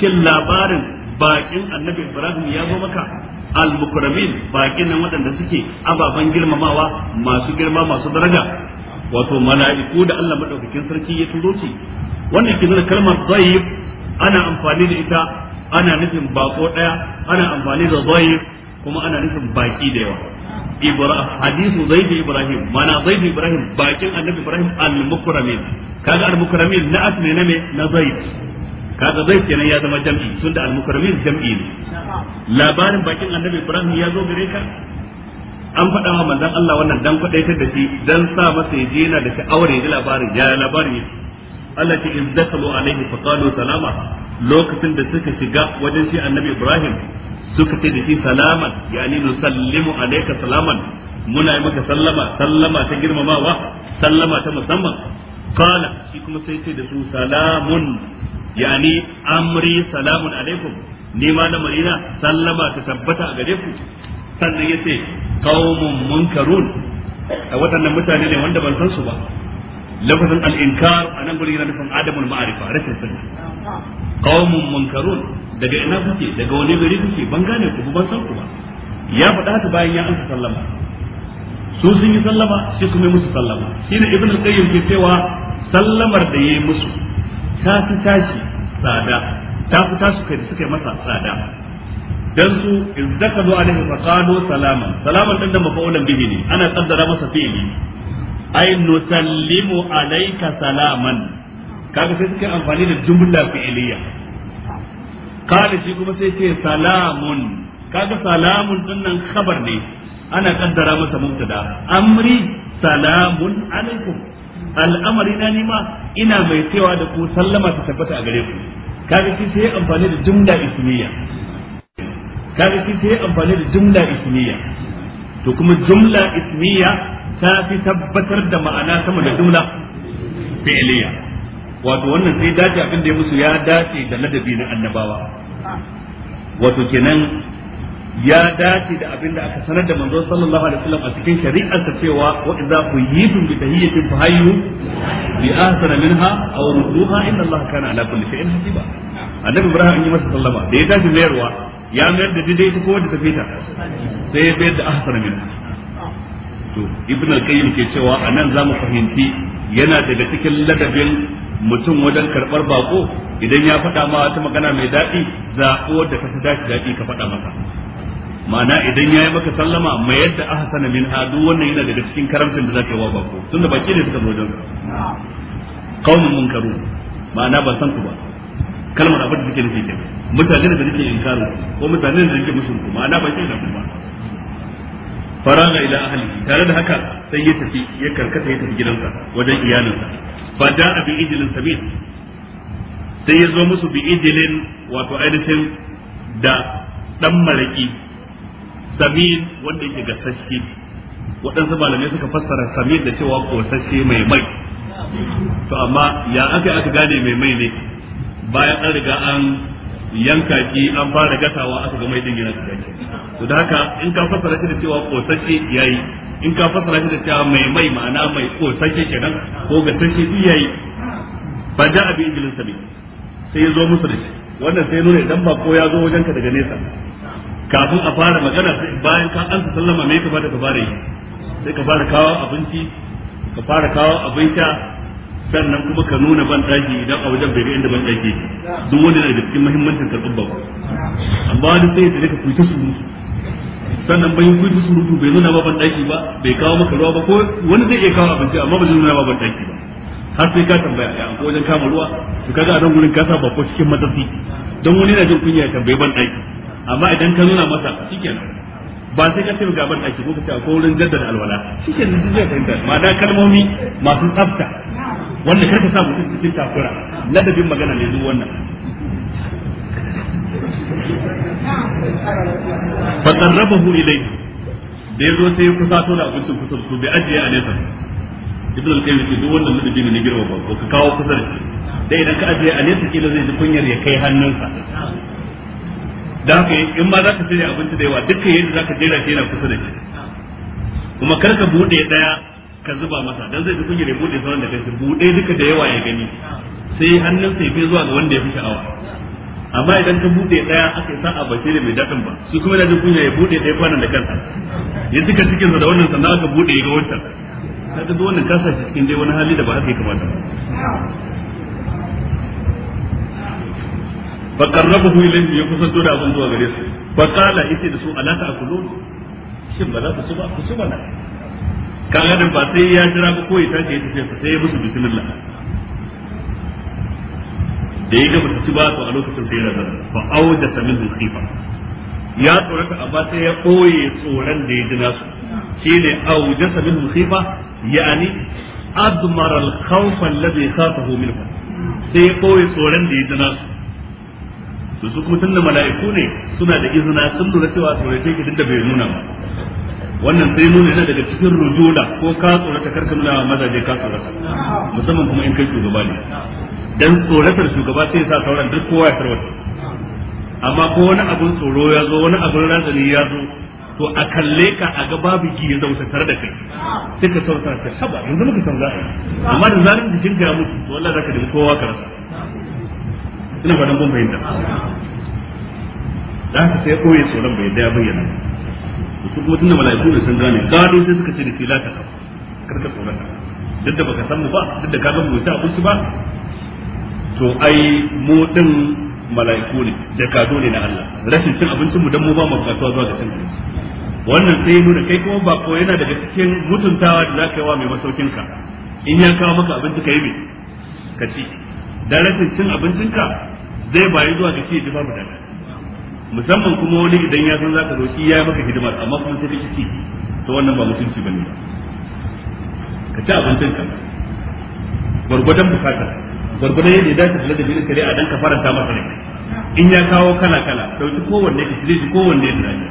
شل لابارن bakin annabi ibrahim ya zo maka al-mukramin bakin nan waɗanda suke ababen girmamawa masu girma masu daraja wato mala'iku da Allah madaukakin sarki ya turo shi wannan kin kalmar dhaif ana amfani da ita ana nufin bako daya ana amfani da dhaif kuma ana nufin baki da yawa ibrahim hadisu zaid ibrahim mana zaid ibrahim bakin annabi ibrahim al-mukramin kaga al-mukramin na asli ne na zaid kaga zai kenan ya zama jam'i tunda al-mukarramin jam'i ne labarin bakin annabi Ibrahim ya zo gare ka an faɗa wa manzon Allah wannan dan kwadaitar da shi dan sa masa yaje yana da sha'awar aure ji labarin ya labarin Allah ce in dakalu alaihi fa qalu salama lokacin da suka shiga wajen shi annabi Ibrahim suka ce da shi salaman yani nusallimu alayka salaman muna yi maka sallama sallama ta girmamawa sallama ta musamman qala shi kuma sai ce da su salamun yani amri salamun alaikum ni ma na marina sallama ta tabbata a gare ku sannan yace qaumun munkarun a waɗannan mutane ne wanda ban san su ba lafazin al-inkar anan gurin yana nufin adamul ma'arifa rashin sani qaumun munkarun daga ina kuke daga wani gari kuke ban gane ku ban san ku ba ya faɗa ta bayan ya ansa sallama su sun yi sallama shi kuma musu sallama shine ibn al-qayyim ke cewa sallamar da yayi musu ta fi tashi tsada ta fi tashi kai da suka yi masa tsada dan su in zaka zo alaihi faqalu salaman salaman din da mafaulan bihi ne ana kaddara masa fi'ili ay nusallimu alayka salaman kaga sai suka amfani da jumla fi'iliya kada shi kuma sai ce salamun kaga salamun din nan khabar ne ana kaddara masa mubtada amri salamun alaikum al'amari na nima ina mai cewa da ku sallama ta tabbata a gare ku kaga shi sai amfani da jumla ismiya kaga shi sai amfani da jumla ismiya to kuma jumla ismiya ta fi tabbatar da ma'ana sama da jumla fi'liya wato wannan sai dace abin da ya musu ya dace da ladabi na annabawa wato kenan ya dace da abin da aka sanar da manzo sallallahu alaihi wasallam a cikin shari'ar ta cewa wa idza quyitum bi tahiyyati fahayyu bi ahsana minha aw rudduha inna Allah kana ala kulli shay'in hasiba annabi ibrahim an yi masa sallama da ya tashi mayarwa ya mayar da daidai ta da ta fita sai ya da ahsana minha to ibn al-qayyim ke cewa anan zamu fahimci yana daga cikin ladabin mutum wajen karɓar bako idan ya faɗa ma wata magana mai daɗi zaɓo da ta dace daɗi ka faɗa maka. ma'ana idan yayi maka sallama mai yadda sana min hadu wannan yana daga cikin karamcin da zaka yi wa bako tunda baki ne suka zo don kawunin munkaru ma'ana ban san ku ba kalmar abin da take nufi ke mutane da nake inkaru ko mutane da nake musu ku ma'ana baki da ku ba faraga ila ahli tare da haka sai ya tafi ya karkata ya tafi gidansa wajen iyalinsa ba da abin ijlin sabil sai ya zo musu bi ijlin wato ainihin da dan malaki samin wanda yake gasasshe waɗansu malamai suka fassara samin da cewa kosasshe mai mai to amma ya aka aka gane mai mai ne bayan an riga an yanka ki an fara gasawa aka ga mai din yana tafiya to da haka in ka fassara shi da cewa kosasshe yayi in ka fassara shi da cewa mai mai ma'ana mai kosasshe kenan ko gasasshe yayi ba da abin injilin samin sai ya zo musu da shi wannan sai nuna idan ba ko ya zo wajenka daga nesa kafin a fara magana bayan ka an sallama me ka fara ka fara yi sai ka fara kawo abinci ka fara kawo abin sha sannan kuma ka nuna ban daki idan a wajen bai inda ban daki duk wanda da cikin muhimmancin karɓar ba amma wani sai da ka kuce su sannan bai kuce su rutu bai nuna ba ban daki ba bai kawo maka ruwa ba ko wani zai iya kawo abinci amma bai nuna ba ban daki ba har sai ka tambaya ya ko wajen kama ruwa to kaga a nan gurin ka sa ba ko cikin matafi don wani yana jin kunya tambaye ban daki amma idan ka nuna masa shikenan ba sai ka tafi gaban ɗaki ko ka ce ko wurin jaddar alwala shikenan duk zai fahimta ma'ana kalmomi masu tsafta wanda karka sa mutum cikin takura ladabin magana ne zuwa wannan raba hu ilai da yazo sai kusa kusato da abincin kusa su bi ajiye a nesa ibn al-qayyim ce duk wannan ladabi ne ni girma ba ko ka kawo kusa da idan ka ajiye a nesa kila zai ji kunyar ya kai hannunsa dan haka in ma zaka shirya abinci da yawa dukkan yadda zaka jera shi yana kusa da shi kuma kar ka bude daya ka zuba masa dan zai ji kunya buɗe bude sauran da kai bude duka da yawa ya gani sai hannun sai fi zuwa ga wanda ya fi sha'awa amma idan ka bude daya aka yi sa'a bace da mai dadin ba su kuma yana jin kunya ya bude daya kwanan da kansa ya cika cikin sa da wannan sannan aka bude ya ga wancan kaga duk wannan kasa cikin dai wani hali da ba haka ya kamata fa qarrabahu ilayhi ya kusanto da abin zuwa gare su fa qala yace da su ala ta'kulun shin ba za ku ba ku ci mana kaga da ba sai ya jira ba ko ya tace ya tafi sai musu bismillah da ya gaba ci ba to a lokacin sai ya zara fa auja samin ya tsorata sai ya tsoron da ya shine samin yani admara al sai ya tsoron da ya da su kuma tunda mala'iku ne suna da izina sun lura cewa tsoratai ki duk da bai nuna ba wannan sai nuna yana daga cikin rujula ko ka ta karka nuna wa mazaje ka tsorata musamman kuma in kai shugaba ne dan tsoratar shugaba sai sa sauran duk kowa ya tarwata amma ko wani abun tsoro ya zo wani abun razani ya zo to a kalle ka a ga babu ki ya zauta tare da kai sai ka sauta ta saba yanzu muka san za a yi amma da zalin jikin ka ya mutu to Allah zaka dubi kowa ka rasa ina faɗin kun fahimta da haka sai ɓoye tsoron bai da ya bayyana su kuma tunda mala'iku ne sun gane gado sai suka ce da ke ta karka tsoron duk da baka san mu ba duk da ka ga mu ta abinci ba to ai mu din mala'iku ne da gado ne na Allah rashin cin abincin mu dan mu ba mu bukatuwa zuwa ga cin abinci wannan sai mu da kai kuma ba ko yana daga cikin mutuntawa da zaka yi wa mai masaukin ka in ya kawo maka abinci kai yi me ka ci da rashin cin abincin ka zai bayi zuwa ga shi babu daga musamman kuma wani idan ya san zaka zo shi yi maka hidimar amma kuma sai kake ci to wannan ba mutunci bane ka ci abincin ka gwargwadon bukata gwargwadon yadda ya dace da ladabin kare a dan ka faranta masa rai in ya kawo kala kala dauki kowanne ka shirye shi kowanne ya dace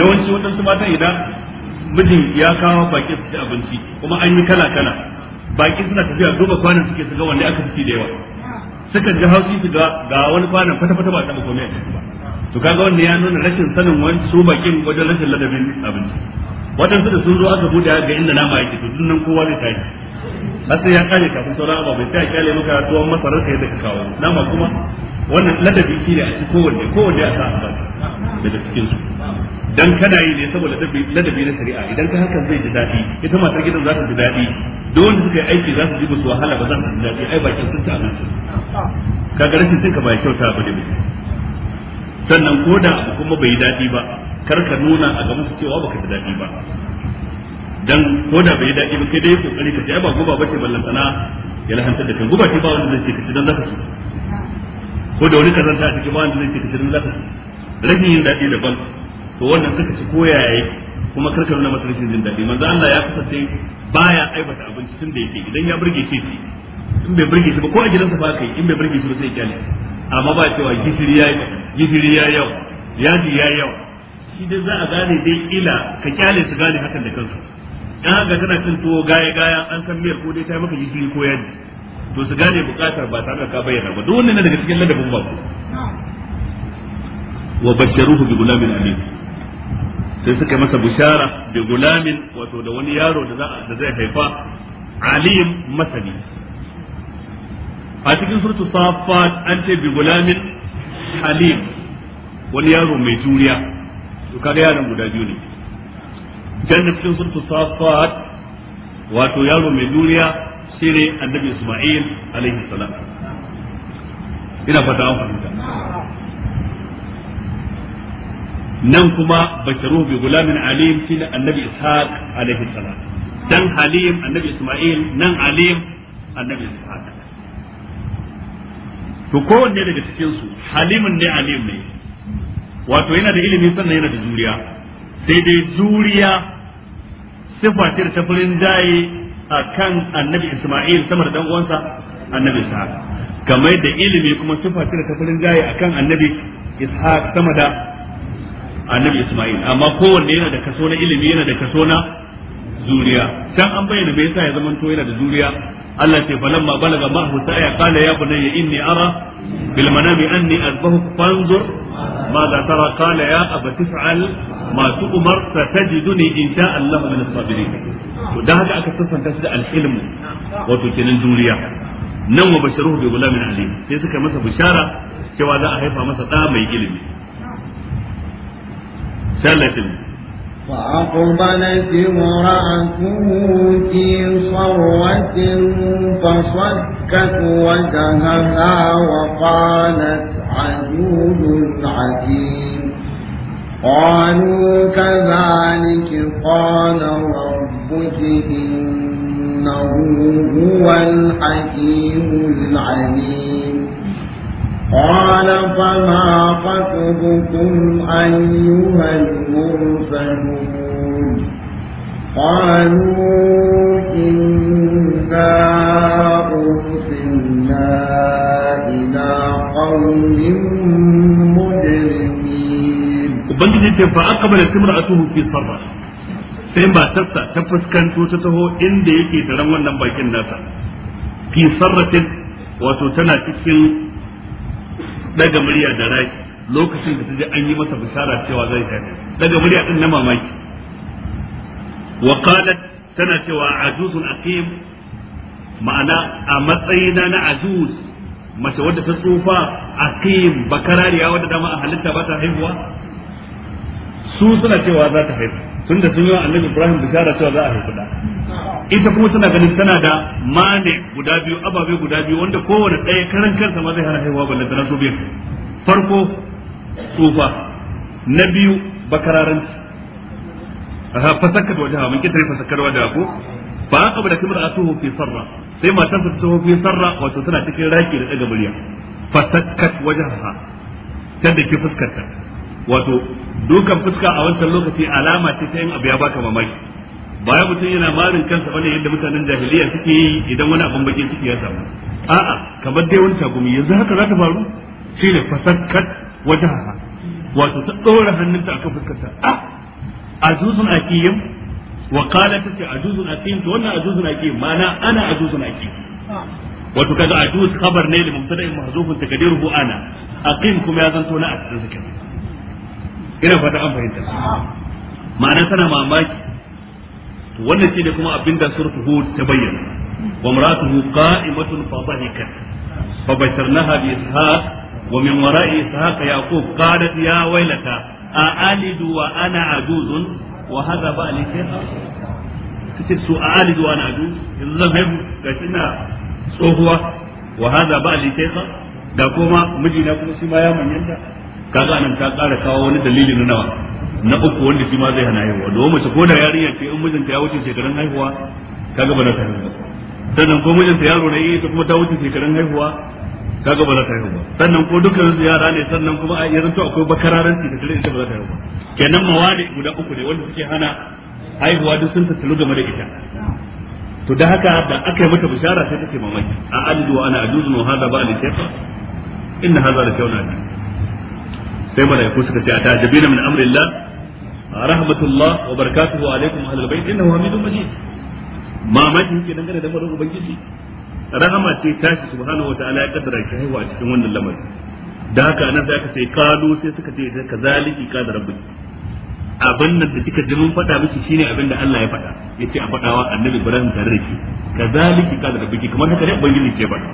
yawanci waɗansu mata idan mijin ya kawo baki su ci abinci kuma an yi kala kala baki suna tafiya duba kwanan suke su ga wanne aka fi da yawa sukan ji haushi su ga ga wani kwanan fata fata ba ta ba komai ba to kaga wannan ya nuna rashin sanin wani su bakin wajen rashin ladabin abinci wadansu da sun zo aka buɗe ga inda nama yake to dun nan kowa zai tashi har sai ya kare kafin sauran ababai sai a kyale maka tuwon masarar ka yadda ka kawo nama kuma wannan ladabi shi ne a ci kowanne kowanne a sa'a a daga cikin su dan kana yi ne saboda ladabi na shari'a idan ka hakan zai ji daɗi ita matar gidan za ta ji daɗi duk wanda suka yi aiki za su ji musu wahala ba za su ji daɗi ai bakin sun ci abinci ga rashin cin ka ba kyauta ba ne sannan ko da abu kuma bai daɗi ba kar ka nuna a ga musu cewa baka ji daɗi ba dan ko da bai daɗi ba kai dai kokari ka ba guba bace ballantana ya lahanta da kan guba ce ba wanda zai ce ka ci dan zaka ci ko da wani kazanta a cikin ba wanda zai ce ka ci dan zaka ci rage yin daɗi daban to wannan suka ci koyaye kuma karka nuna masa rashin jin daɗi manzo Allah ya kasance baya aibata abinci tun da yake idan ya burge shi shi in bai burge shi ba ko a gidansa ba kai in bai burge shi ba sai kyale amma ba cewa gishiri ya gishiri ya yau yaji ya yau shi dai za a gane dai kila ka kyale su gane hakan da kansu dan haka tana cin tuwo gaya gaya an san miyar ko dai ta maka gishiri ko yaji to su gane bukatar ba tare da ka bayyana ba duk wannan daga cikin ladabin ba bako wa basharuhu bi gulamin alim sai suka masa bishara bi gulamin wato da wani yaro da da zai haifa alim masani a cikin suratul safat an ce bi gulamin halim wani yaro mai juriya to kaga yaron guda biyu ne can cikin sunta safat wato yaro mai duniya shine annabi isma'il alaihi salam ina fata an fahimta nan kuma basharu bi gulamin alim shine annabi ishaq alaihi salam dan halim annabi isma'il nan alim annabi ishaq to kowanne daga cikin su halimun ne alim ne wato yana da ilimi sannan yana da juriya sai dai juriya sifa ta furin jaye a kan annabi Ismail sama da dan uwansa annabi Ishaq kamar da ilimi kuma sifa ta furin jaye a kan annabi Ishaq sama da annabi Ismail amma kowanne yana da kaso na ilimi yana da kaso na zuriya can an bayyana me yasa ya to yana da zuriya Allah ce falamma balaga ma'ahu sa'ya qala ya bunayya inni ara bil manami anni azbahu fanzur ma za tara qala ya abati fa'al ma tu'mar satajiduni in sha Allah min as-sabirin to dan haka aka sassanta shi da al-ilm wato kenan duniya nan wa basharuhu bi gulamin alim sai suka masa bishara cewa za a haifa masa da mai ilimi فأقبلت امرأته في صروة فصكت وجهها وقالت عجوز عجيب قالوا كذلك قال ربك إنه هو الحكيم العليم قال فما خطبكم أيها المرسلون قالوا إنا أرسلنا إلى قوم مجرمين وبنجد في sai ta fuskanto ta taho inda yake da wannan bakin nasa fi sarratin wato tana cikin daga murya da rai lokacin da taje an yi masa bishara cewa zai tafi daga murya din na mamaki wa qalat tana cewa ajuzun aqim ma'ana a matsayina na ajuz mace wadda ta tsufa aqim bakarariya wadda dama a halitta ba ta haihuwa su suna cewa za ta haihu tunda sun yi wa annabi Ibrahim bishara cewa za a haihu da ita kuma tana ganin tana da mane guda biyu ababe guda biyu wanda kowane ɗaya karan kansa ma zai hana haihuwa balle da so biyu farko tsufa na biyu bakararanci fasakka da wajaha mun kitare fasakka da wajaha ko ba aka bada kimar asuhu fi sarra sai matarsa ta taho fi sarra wato tana cikin raki da daga murya fasakkat ha ta da ke fuskarta wato dukan fuska a wancan lokaci alama ce ta yin abu ya baka mamaki baya mutum yana marin kansa bane yadda mutanen jahiliya suke yi idan wani abin bakin ciki ya samu a'a kamar dai wani tagumi yanzu haka za ta faru shine fasakkat wajaha wato ta ɗora hannunta akan fuskarta a ah, ajuzun aqiyim wa waƙala ta ce ajuzun aqiyim to wannan ajuzun aqiyim mana ana ajuzun aqiyim wato kaga ajuz khabar ne da li mubtada'in mahzufun takdiruhu ana aqim kuma ya zanto na a cikin ina fata an fahimta ma'ana tana mamaki wannan shine kuma abinda suratu hud ta bayyana wa maratuhu qa'imatun fa dhahikat fa basharnaha bi ishaq wa min wara'i ishaq yaqub qalat ya waylata a alidu wa ana ajuzun wa hadha ba li shaykha kace su a alidu wa ana ajuz yanzu zan haihu gashi na tsohuwa wa hadha ba li shaykha da kuma mijina kuma shi ma ya manyanta kaga nan ta ƙara kawo wani dalili na nawa na uku wanda shi ma zai hana haihuwa domin mace ko da yarinya ce in mijinta ya wuce shekarun haihuwa kaga ba za ta haihu sannan ko mijinta yaro ne ita kuma ta wuce shekarun haihuwa kaga ba za ta haihu ba sannan ko dukkan su yara ne sannan kuma a yanzu to akwai bakararanci da tare ita ba za ta haihu ba kenan mawani guda uku ne wanda suke hana haihuwa duk sun tattalu game da ita to da haka da aka yi mata bishara sai take mamaki a ajidu wa ana ajuzu wa hada ba ni shayfa inna hada la shay'un sai mala'iku suka ce a jabina min amrillah rahmatullah wa barakatuhu alaikum ahlul bait innahu hamidum majid mamaki yake dangane da marar ubangiji rahama ce subhanahu ya kaddara haihuwa cikin wannan da haka nan sai aka sai kalu sai suka ce ka zaliki ka da rabbi abin nan da kika ji mun faɗa miki shine abin da Allah ya faɗa yace a annabi Ibrahim tare ki ka zaliki ka da rabbi kamar haka ne ubangiji ke faɗa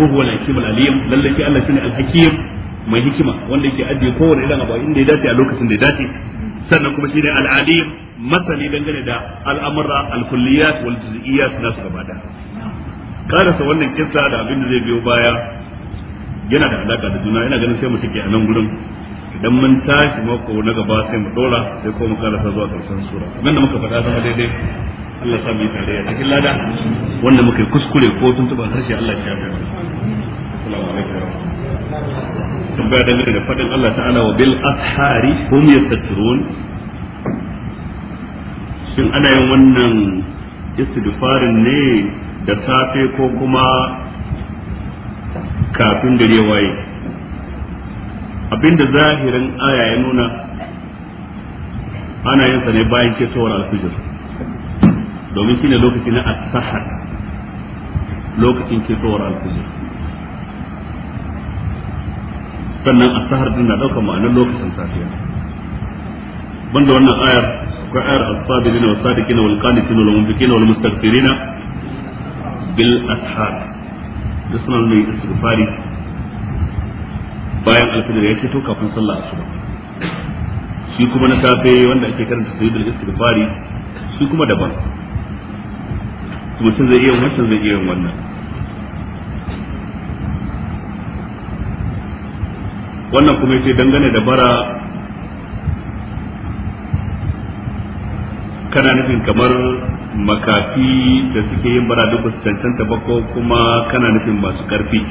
hakim alim Allah shine al hakim mai hikima wanda yake ajiye kowane irin abu inda ya dace a lokacin da ya dace sannan kuma shi ne al'adi masani dangane da al'amura al-kulliyat wal juz'iyat na su gaba da karasa wannan kissa da abin da zai biyo baya yana da alaka da juna yana ganin sai mu take a nan gurin idan mun tashi mako na gaba sai mu dora sai ko mu karasa zuwa karshen sura nan da muka faɗa zama daidai Allah sa mu ya tarayya cikin lada wanda muka kuskure ko tuntuɓa harshe Allah ya shafe mu assalamu alaikum tambaya da da faɗin Allah ta'ala wa bil ashari hum yastatirun shin ana yin wannan istighfarin ne da safe ko kuma kafin dare waye abinda zahirin aya ya nuna ana yin sa ne bayan kesowar alfijir domin shine lokaci na as lokacin kesowar alfijir sannan a sahar din na ɗaukar ma'anar lokacin safiya banda wannan ayar akwai ayar as-sabirin wa sadiqina wal qanitina wal munfiqina wal na bil ashar da suna nuna istighfari bayan alfajir ya ce to kafin sallah asuba shi kuma na safe wanda ake karanta sayyidul istighfari shi kuma daban mutum zai iya wancan zai iya wannan wannan kuma yace dangane da bara kana nufin kamar makafi da suke yin bara duk su cancanta ba ko kuma kana nufin masu karfi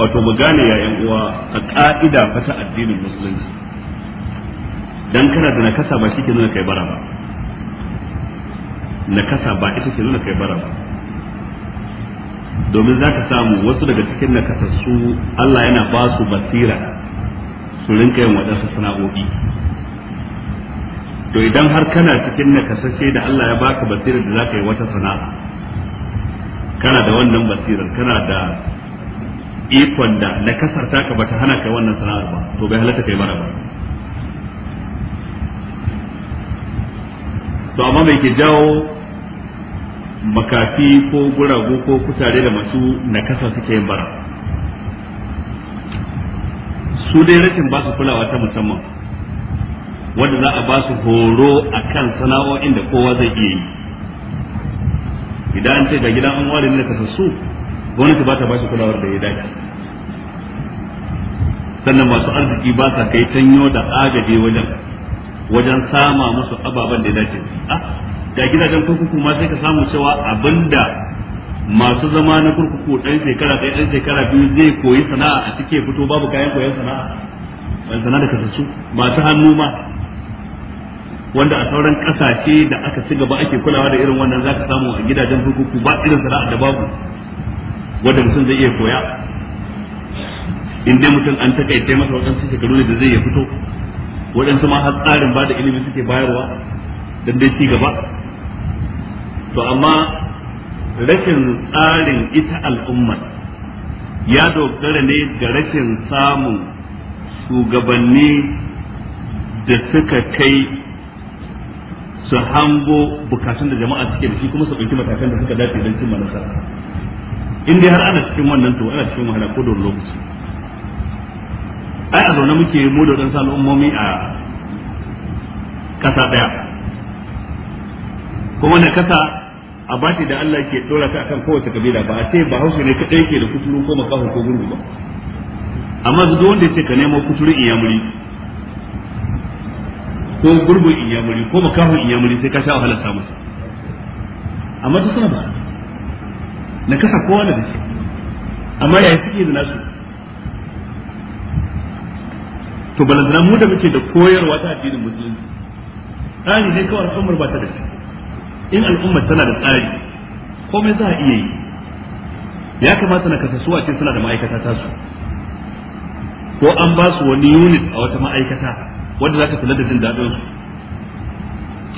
wato mu gane yan uwa a ka'ida fata addinin musulunci dan kana da nakasa ba shi ke nuna kai bara ba nakasa ba ita ke nuna kai bara ba domin za ka samu wasu daga cikin nakasassu Allah yana ba su basira su rinka yin waɗansu sana'o'i to idan har kana cikin nakasashe da Allah ya baka basirar da za ka yi wata sana'a kana da wannan basirar kana da ikon da nakasar taka bata hana kai wannan sana'ar ba to bai halatta kai mara ba to amma mai ke jawo makafi ko guragu ko kutare da masu nakasa suke yin bara su dai rashin ba su kulawa ta musamman wanda za a ba su horo a kan sana'o'in da kowa zai iya yi idan an ce ga gidan an ware na wani gwamnati ba ta ba su kulawar da ya dace sannan masu arziki ba sa kai tanyo da agaje wajen wajen sama musu ababen da ya dace ah, ga gidajen kurkuku ma sai ka samu cewa abinda masu zama na kurkuku ɗan shekara ɗaya ɗan shekara biyu zai koyi sana'a a cike fito babu kayan koyon sana'a ban sana da kasassu masu hannu ma wanda a sauran ƙasashe da aka ci gaba ake kulawa da irin wannan zaka samu a gidajen kurkuku ba irin sana'a da babu wanda mutum zai iya koya in dai mutum an takaice masa waɗansu shekaru ne da zai iya fito waɗansu ma har tsarin ba da ilimi suke bayarwa dan dai ci gaba to amma rashin tsarin ita al'ummar ya dogara ne ga rashin samun shugabanni da suka kai su hango bukatun da jama'a suke da shi kuma su ɗauki matakan da suka dace don cimma manasa in dai har ana cikin wannan to ana cikin wahala ko don lokaci ai a zaune muke mu da wadansu al'ummomi a ƙasa ɗaya kuma na kasa a da Allah ke dora ta akan kowace kabila ba a ce ba hausa ne kadai ke da kuturu ko makaho ko gurgu ba amma duk wanda yake ka nemo kuturu in iyamuri ko gurgu iyamuri ko makaho iyamuri sai ka sha wahalar samu amma duk suna ba na kasa kowa da shi amma yayin suke da nasu to balantana mu da muke da koyarwa ta addinin musulunci tsari ne kawai al'ummar ba ta da shi in al'umma tana da tsari komai za a iya yi ya kamata na a ce suna da ma'aikata tasu ko an ba su wani unit a wata ma'aikata wanda za ka kula da jin daɗin su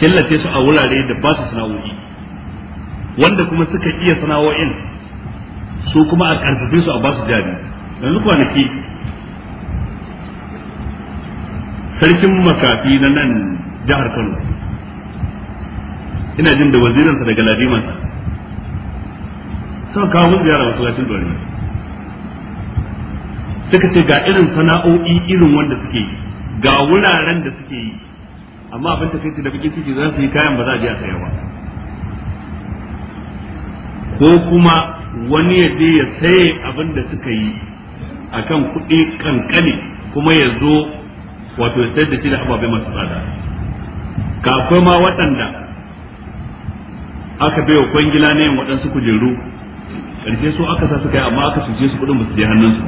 killace su a wurare da ba su sana'o'i wanda kuma suka iya sana'o'in su kuma a karfafe su a ba su jari yanzu kwanaki sarkin makafi na nan jihar kano ina jin da wazirinsa daga ladimansa suka kawo mun ziyara masallacin dore suka ce ga irin sana'o'i irin wanda suke yi ga wuraren da suke yi amma abin ta da bikin ciki za su yi kayan ba za a sayarwa. a ko kuma wani ya je ya saye abin da suka yi a kan kuɗi kankane kuma ya zo wato ya sayar da shi da ababai masu tsada Ga akwai ma waɗanda aka bai wa kwangila na yin waɗansu kujeru ƙarshe su aka sa su kai amma aka cuce su kuɗin ba su je hannunsu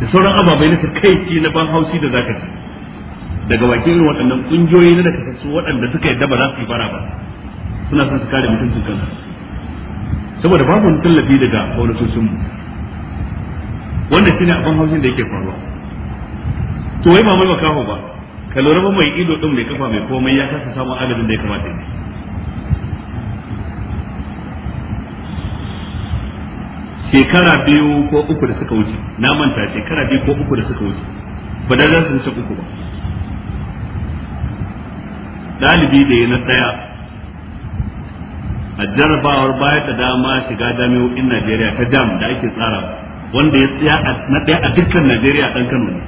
da sauran ababai na takaici na ban haushi da zaka ci daga bakin irin waɗannan ƙungiyoyi na daga su waɗanda suka yadda ba za su yi fara ba suna son su kare mutuncin kansu saboda babu wani tallafi daga gwamnatocinmu wannan a ban haushin da yake faruwa to wai ba mai makaho ba ka lura ba mai ido ɗin mai kafa mai komai ya kasa samun adadin da ya kamata yi. shekara biyu ko uku da suka wuce na manta shekara biyu ko uku da suka wuce ba da zan wuce uku ba dalibi da ya na tsaya a jarabawar baya ta dama shiga in najeriya ta jam da ake tsara wanda ya tsaya na daya a dukkan najeriya dan kano ne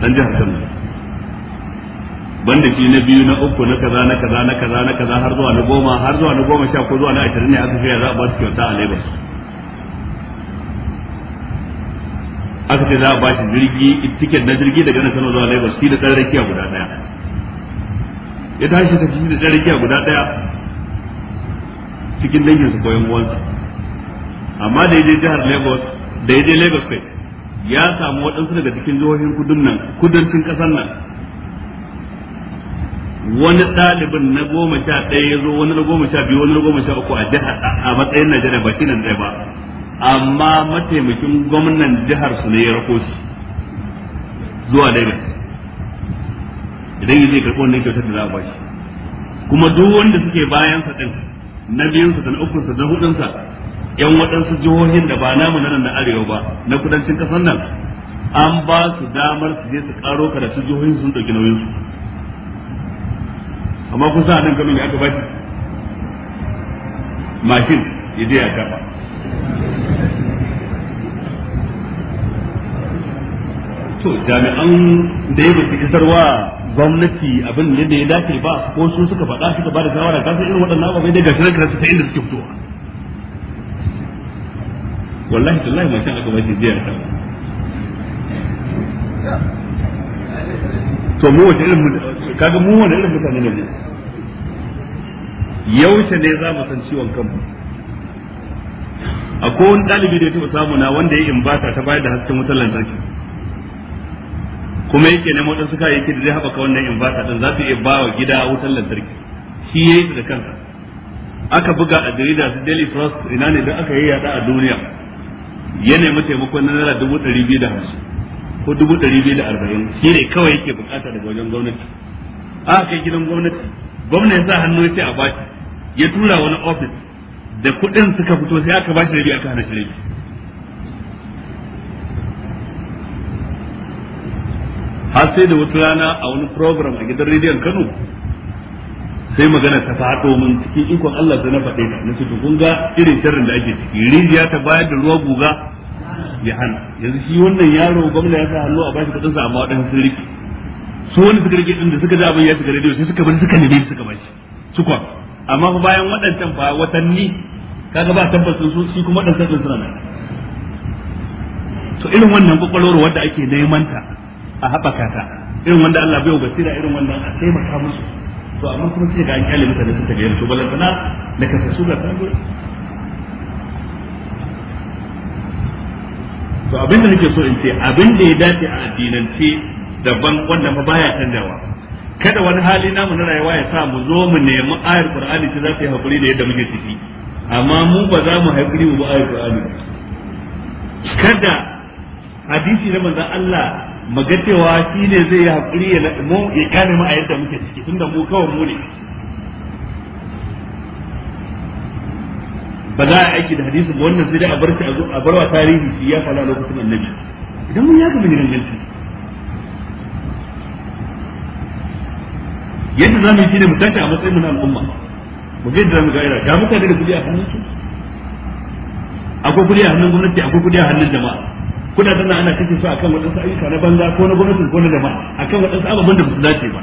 dan jihar kano banda shi na biyu na uku na kaza na kaza na kaza na kaza har zuwa na goma har zuwa na goma sha ko zuwa na ashirin ne aka shirya za a ba su kyauta a Lagos aka ce za a ba shi jirgi tiket na jirgi daga nan Kano zuwa Lagos shi da tsarin rakiya guda daya ya tashi ta shi da tsarin rakiya guda daya cikin dangin su koyon uwansa amma da ya je jihar Lagos da ya je Lagos kai ya samu waɗansu daga cikin jihohin kudun nan kudancin ƙasar nan wani ɗalibin na goma sha ɗaya ya zo wani na goma sha biyu wani na goma sha uku a jihar a matsayin Najeriya ba shi nan ɗaya ba amma mataimakin gwamnan jihar su ne ya rako shi zuwa Lagos idan yi zai karɓi wannan kyautar da za a ba shi kuma duk wanda suke bayan sa ɗin na biyun sa da na uku sa da hudun sa yan waɗansu jihohin da ba namu na nan na arewa ba na kudancin ƙasar nan an ba su damar su je su karo karatu jihohin sun ɗauki nauyin su amma kun sa nan gamin ya aka bashi mashin ya je ya kafa to jami'an da ya bata isarwa gwamnati abin yadda ya dace ba ko sun suka faɗa suka ba da shawara ta san irin waɗannan ababai dai gashi ranka ta inda suke fitowa wallahi tallahi mashin aka bashi jiya ta to mu wata irin kaga mu wani irin mutane ne mu yaushe ne za mu san ciwon kanmu akwai wani ɗalibi da ya taɓa samu na wanda ya imbata ta bayar da hasken wutar lantarki kuma yake neman waɗansu yake da zai haɓaka wannan imbata ɗin za su iya ba wa gida wutar lantarki shi ya yi da kansa aka buga a jarida su daily trust ina ne don aka yi yada a duniya ya nemi taimakon na naira dubu ɗari biyu da hamsin ko dubu ɗari biyu da arba'in shi ne kawai yake bukata daga wajen gwamnati aka kai gidan gwamnati Gwamnati ya sa hannu sai a baki ya tura wani ofis da kuɗin suka fito sai aka bashi rabi aka hana shi rabi har sai da wata rana a wani program a gidan rediyon Kano sai magana ta fado min cikin ikon Allah da na faɗe ta na to kun irin sharrin da ake ciki Rediyon ta bayar da ruwa guga ya hana yanzu shi wannan yaro gwamnati ya sa hannu a bashi kudin sa amma wadansu sun rike su wani suka rike din da suka ji abin ya shiga rediyo sai suka bar suka nemi suka bashi su kwa amma fa bayan waɗancan fa watanni kaga ba tabbas su shi kuma waɗancan din suna nan to irin wannan kwakwalwar wanda ake neman ta a haɓaka ta irin wanda Allah bai basira irin wannan a taimaka musu to amma kuma sai ga an kyale mutane sun tafi to kana da kasa su ga tango to abin da nake so in ce abin da ya dace a addinance daban wannan fa baya canjawa kada wani hali namu na rayuwa ya sa mu zo mu nemi ayar qur'ani ce za ta yi hakuri da yadda muke ciki amma mu ba za mu hakuri mu ba ayar qur'ani kada hadisi na manzon Allah maga cewa shi ne zai yi hakuri ya mu ya kare mu a yadda muke ciki tunda mu kawai mu ne ba za a aiki da hadisin ba wannan sai dai a bar shi a bar wa tarihi shi ya faɗa lokacin annabi idan mun ya ga mun yi yadda za mu yi shine mu tashi a matsayin mu na al'umma mu je da mu ga ira ga mutane da kuɗi a hannun su akwai kudi a hannun gwamnati akwai kudi a hannun jama'a kudaden nan ana kashe su akan wadansu ayyuka na banza ko na gwamnati ko na jama'a akan wadansu ababen da ba su dace ba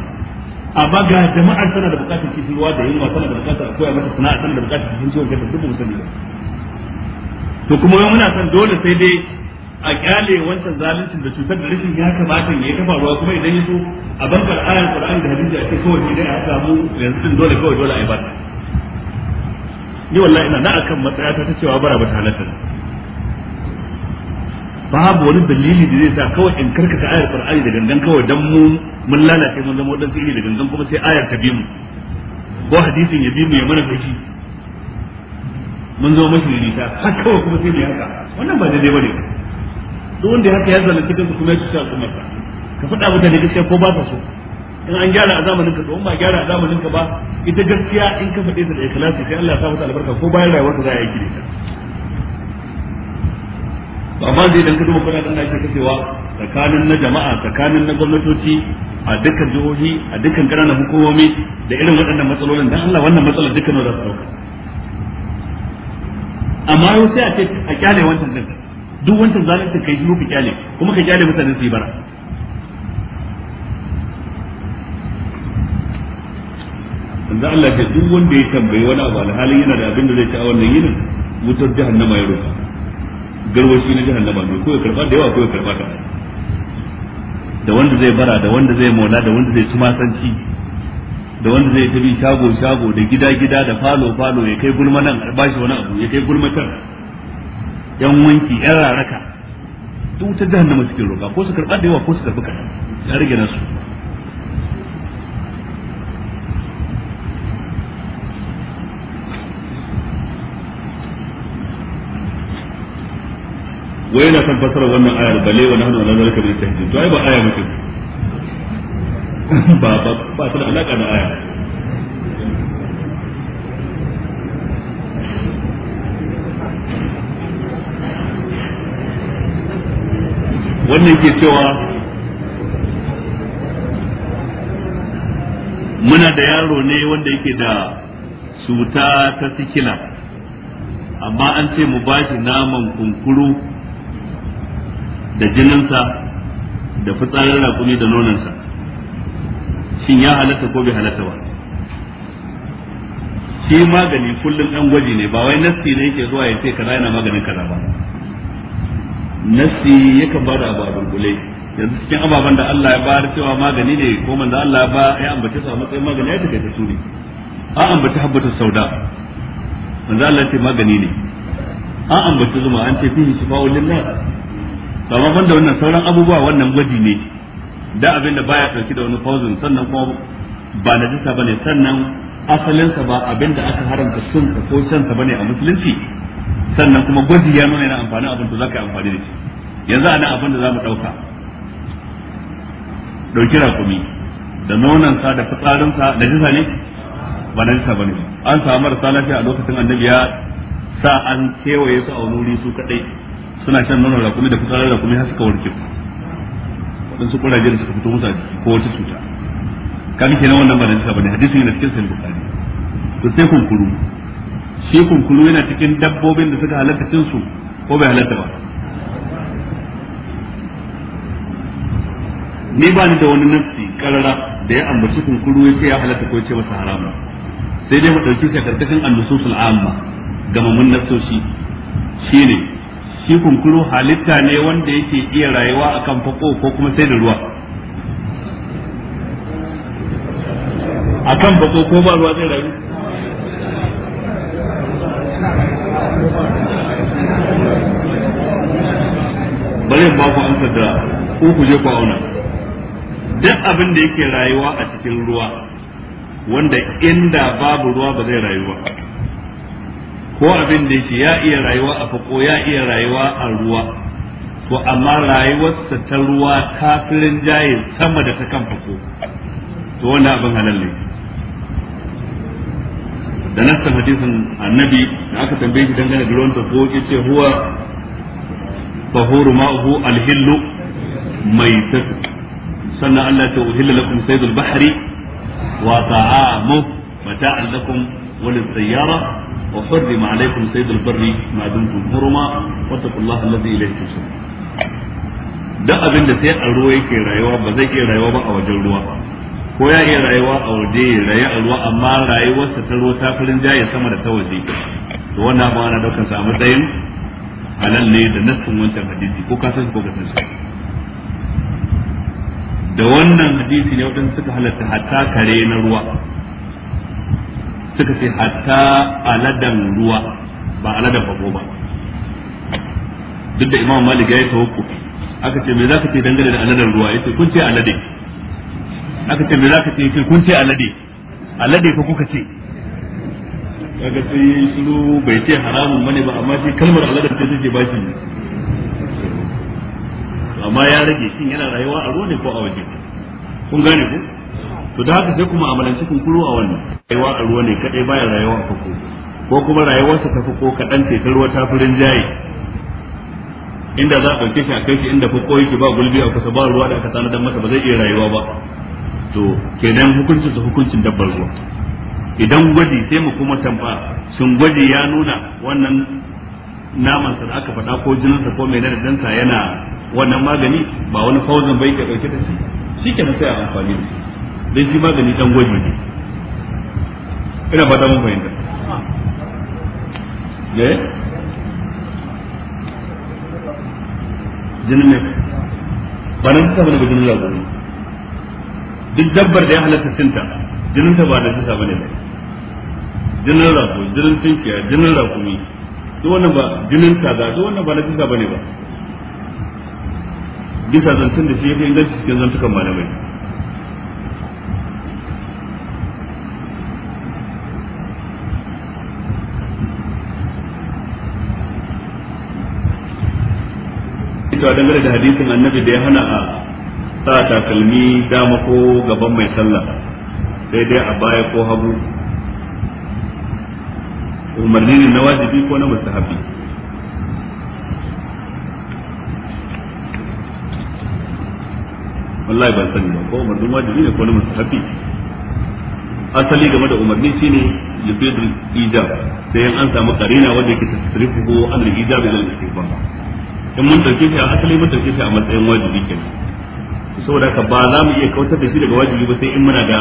amma ga jama'ar tana da bukatar kifin ruwa da yunwa tana da bukatar a koya mata sana'a tana da bukatar kifin ciwon kai duk mu sani to kuma muna son dole sai dai a kyale wancan zaluncin da cutar da rashin ya kamata ya kafa ruwa kuma idan ya so a bankar ayar qur'ani da hadisi a ce kawai ne ya samu yanzu din dole kawai dole a yi ba ni wallahi ina na akan matsayata ta cewa bara ba ta halatta babu wani dalili da zai sa kawai in karkata ayar qur'ani da gangan kawai dan mu mun lalace mun zama wadansu iri da gangan kuma sai ayar ta bi mu ko hadisin ya bi mu ya mana fushi mun zo mashi rita har kawai kuma sai mu haka wannan ba daidai bane ba duk wanda haka ya zalunci kansa kuma ya cuci al'ummar ka ka faɗa da gaskiya ko ba ka so in an gyara a zamanin ka domin ba gyara a zamanin ka ba ita gaskiya in ka faɗe ta da ikhlasi sai Allah ya sa mata albarka ko bayan rayuwar ka za a yi gire ta to amma dai dan kudu kuma dan nake kasewa tsakanin na jama'a tsakanin na gwamnatoci a dukkan jihohi a dukkan ƙananan hukumomi da irin waɗannan matsalolin dan Allah wannan matsalar dukkan za su dauka amma sai a ce a kyale wancan din duk wancan zalunta kai shiru ka kyale kuma ka kyale mutanen su yi bara da Allah ce duk wanda ya tambayi wani abu alhalin yana da abin da zai ci a wannan yinin wutar jahannama ya rufa garwashi na jahannama ne ko ya karba da yawa ko ya karba ta da wanda zai bara da wanda zai mola da wanda zai tumasanci da wanda zai tabi shago shago da gida gida da falo falo ya kai gulma nan bashi wani abu ya kai gulma can yan wanki yan raraka duk ta jahannama suke roƙa ko su karɓa da yawa ko su karɓi kaɗan ya rage nasu wai yana son fasara wannan ayar bale wa nahnu ala zalika min tahdid to ai ba aya mutum ba ba ba ta da alaka da ayar wannan ke cewa muna da yaro ne wanda yake da cuta ta sikila amma an ce mu ba shi naman kunkuru da jininsa da fitsarin rakumi da nonansa shin ya halatta ko bai halatta ba shi magani kullum ɗan gwaji ne ba wai nasti ne yake zuwa ya ce kaza yana maganin kaza ba nassi yakan bada abu a dunkule yanzu cikin ababen da Allah ya bayar cewa magani ne ko manzo Allah ba ya ambace su a matsayin magani ya take ta su ne a ambace habbatu sauda manzo Allah ce magani ne a ambace zuma an ce fihi shifa'ul lillah to amma banda wannan sauran abubuwa wannan gwaji ne da abin da baya dauki da wani fauzin sannan kuma ba na najisa bane sannan asalinsa ba abin da aka haramta sun ko shansa bane a musulunci sannan kuma gwaji ya nuna yana amfani abin da za ka yi amfani da shi yanzu ana abin da za mu ɗauka ɗauki rakumi da nonansa da fitsarinsa da jisa ne ba na jisa ba ne an samu marasa lafiya a lokacin annabi ya sa an kewaye su a wuri su kaɗai suna shan nonon rakumi da fitsarin rakumi har suka warke waɗansu ƙurajen da suka fito musa ko wata cuta kan kenan wannan ba na jisa ba ne hadisi ne da cikin sahih bukari to sai kunkuru shi kunkuru yana cikin dabbobin da suka halatta cin su ko bai halatta ba ni ba ni da wani nafsi karara da ya ambaci kunkuru ya ce ya halatta ko ya ce masa haram sai dai mu dauki shi karkashin annusul amma gamamun nafsoshi shine shi kunkuru halitta ne wanda yake iya rayuwa akan fako ko kuma sai da ruwa akan bako ko ba ruwa zai rayu bari ba ku amsa da ku ku je ku auna duk abin da yake rayuwa a cikin ruwa wanda inda babu ruwa ba zai rayuwa ko abin da yake ya iya rayuwa a fako ya iya rayuwa a ruwa to amma rayuwarsa ta ruwa kafirin firin sama da ta kan fako to wannan abin halal da nassan hadisin annabi da aka tambaye shi dangane da ruwan tafo ya ce huwa fahuru ma'uhu alhillu mai tafi sannan Allah ta uhilla lakum saydul bahri wa ta'amu mata'an lakum wa lis-sayyara wa harrima alaykum saydul barri ma dumtum hurma wattaqullaha alladhi ilayhi tushrun da abin da sai a ruwa yake rayuwa ba zai iya rayuwa ba a wajen ruwa ko ya iya rayuwa a waje ya rayu a ruwa amma rayuwarsa ta ruwa ta farin jaye sama da ta waje to wannan ba ana daukan sa a matsayin halal ne da nassin wancan hadisi ko kasan ko kasan san da wannan hadisi ne wadanda suka halatta hatta kare na ruwa suka ce hatta aladan ruwa ba aladan fako ba duk da imam malik ya yi tawakkufi aka ce me zaka ce dangane da aladan ruwa yace kun ce alade aka ce me zaka ce yace kun ce alade alade ko kuka ce kaga sai yayi shiru bai ce haramun bane ba amma shi kalmar alade ce take ne. amma ya rage shin yana rayuwa a ruwa ne ko a waje kun gane ku to da haka sai kuma amalanci kun kuro a wannan rayuwa a ruwa ne kadai baya rayuwa a fako ko kuma rayuwarsa ta fako kadan ce ta ruwa ta furin jaye inda za a ɗauke shi a kai shi inda ko yake ba gulbi a kusa ba ruwa da aka tsanadar masa ba zai iya rayuwa ba to kenan hukuncin su hukuncin dabbar ruwa idan gwaji sai mu kuma tamba sun gwaji ya nuna wannan naman sa da aka faɗa ko jinin sa ko mai da dansa yana wannan magani ba wani fauzin bai ke dauke da shi shi kenan sai a amfani da shi dan shi magani dan gwaji ne ina ba da mun fahimta ne eh? jinin ne ba nan ta bane jinin lagoyi duk dabbar da ya halatta cinta ta ba da jisa bane ne jinin rago jinin tinkiya jinin rakumi duk wannan ba jinin ga duk wannan ba da jisa bane ba bisa zancen da shi ya fi inganci cikin zantukan malamai cewa dangane da hadisin annabi da ya hana a sa takalmi dama ko gaban mai sallah sai dai a baya ko hagu umarni ne na wajibi ko na mustahabi wallahi ban sani ba ko umarnin wajibi ne ko na mustahabi asali game da umarni shine yubidul ijab sai an samu karina wanda yake tasrifu ko an ijab ila al in mun dauke shi a asali mun dauke shi a matsayin wajibi kenan saboda haka ba za mu iya kautar da shi daga wajibi ba sai in muna da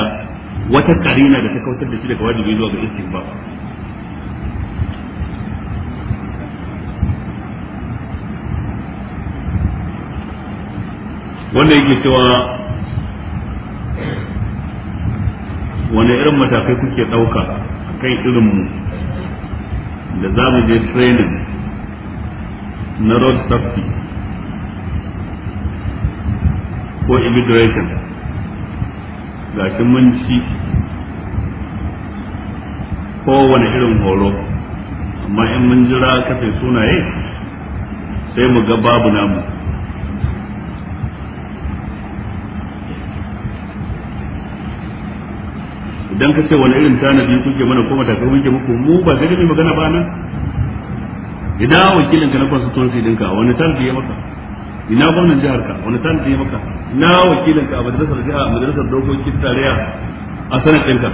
wata karina da ta kautar da shi daga wajibi zuwa ga ba. wanda yake cewa wani irin matakai kuke ɗauka a kan irinmu da za mu je training na road safety ko immigration ga gashi mun ci kowane irin horo amma in mun jira kafin sunaye sai mu ga babu namu idan ka ce wani irin tanadi kuke mana da matakai muke muku mu ba sai mai magana ba nan idan wakilin ka na constituency dinka wani tanadi ya maka ina gwamnan jihar ka wani ta da yi maka na wakilin ka a majalisar jiha a majalisar dokokin tarayya a sanar ɗin ka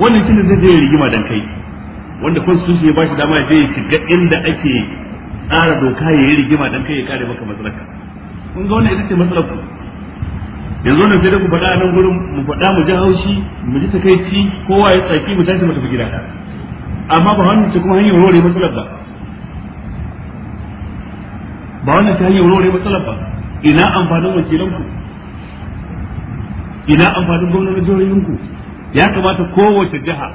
wannan shi zai je rigima dan kai wanda constitution ya ba shi dama ya je ya shiga inda ake tsara doka ya yi rigima dan kai ya kare maka matsalarka kun ga wannan ita ce matsalar ku yanzu nan sai da ku faɗa nan gurin mu faɗa mu ji haushi mu ji takaici kowa ya tsaki mu tashi mu tafi gida amma ba hannu ce kuma hanyar rore matsalar ba ba wanda ta hanyar warware matsalar ba ina amfanin wakilanku ina amfanin gwamnatin jihohinku ya kamata kowace jiha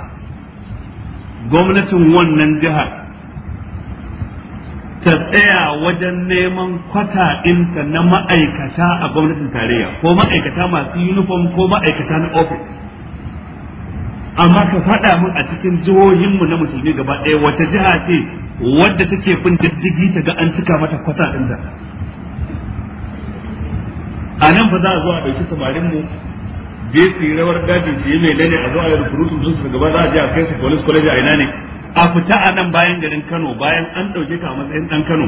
gwamnatin wannan jihar ta tsaya wajen neman kwata ɗinta na ma'aikata a gwamnatin tarayya ko ma'aikata masu uniform ko ma'aikata na ofis. amma ka faɗa min a cikin jihohinmu na musulmi gaba ɗaya wata jiha ce wadda take bin diddigi ta ga an cika mata kwata ɗin da a nan fa za a zo a ɗauki samarin mu je su yi rawar daji su mai lane a zo a yi sun su gaba za a je a kai su police college a ina ne a fita a nan bayan garin Kano bayan an ɗauke ka a matsayin ɗan Kano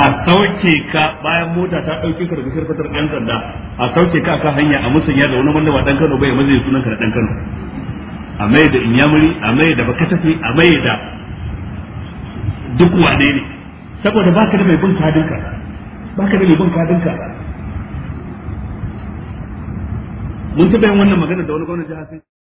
a sauke ka bayan mota ta dauke ka daga shirfatar ɗan sanda a sauke ka kan hanya a musanya da wani wanda ba ɗan Kano bai maza sunan ka da ɗan Kano a mai da inyamuri a mai da baka tafi a mai da duk wane ne saboda baka da mai bin kadinka baka da mai bin kadinka mun tabbayin wannan magana da wani gwamnati jihar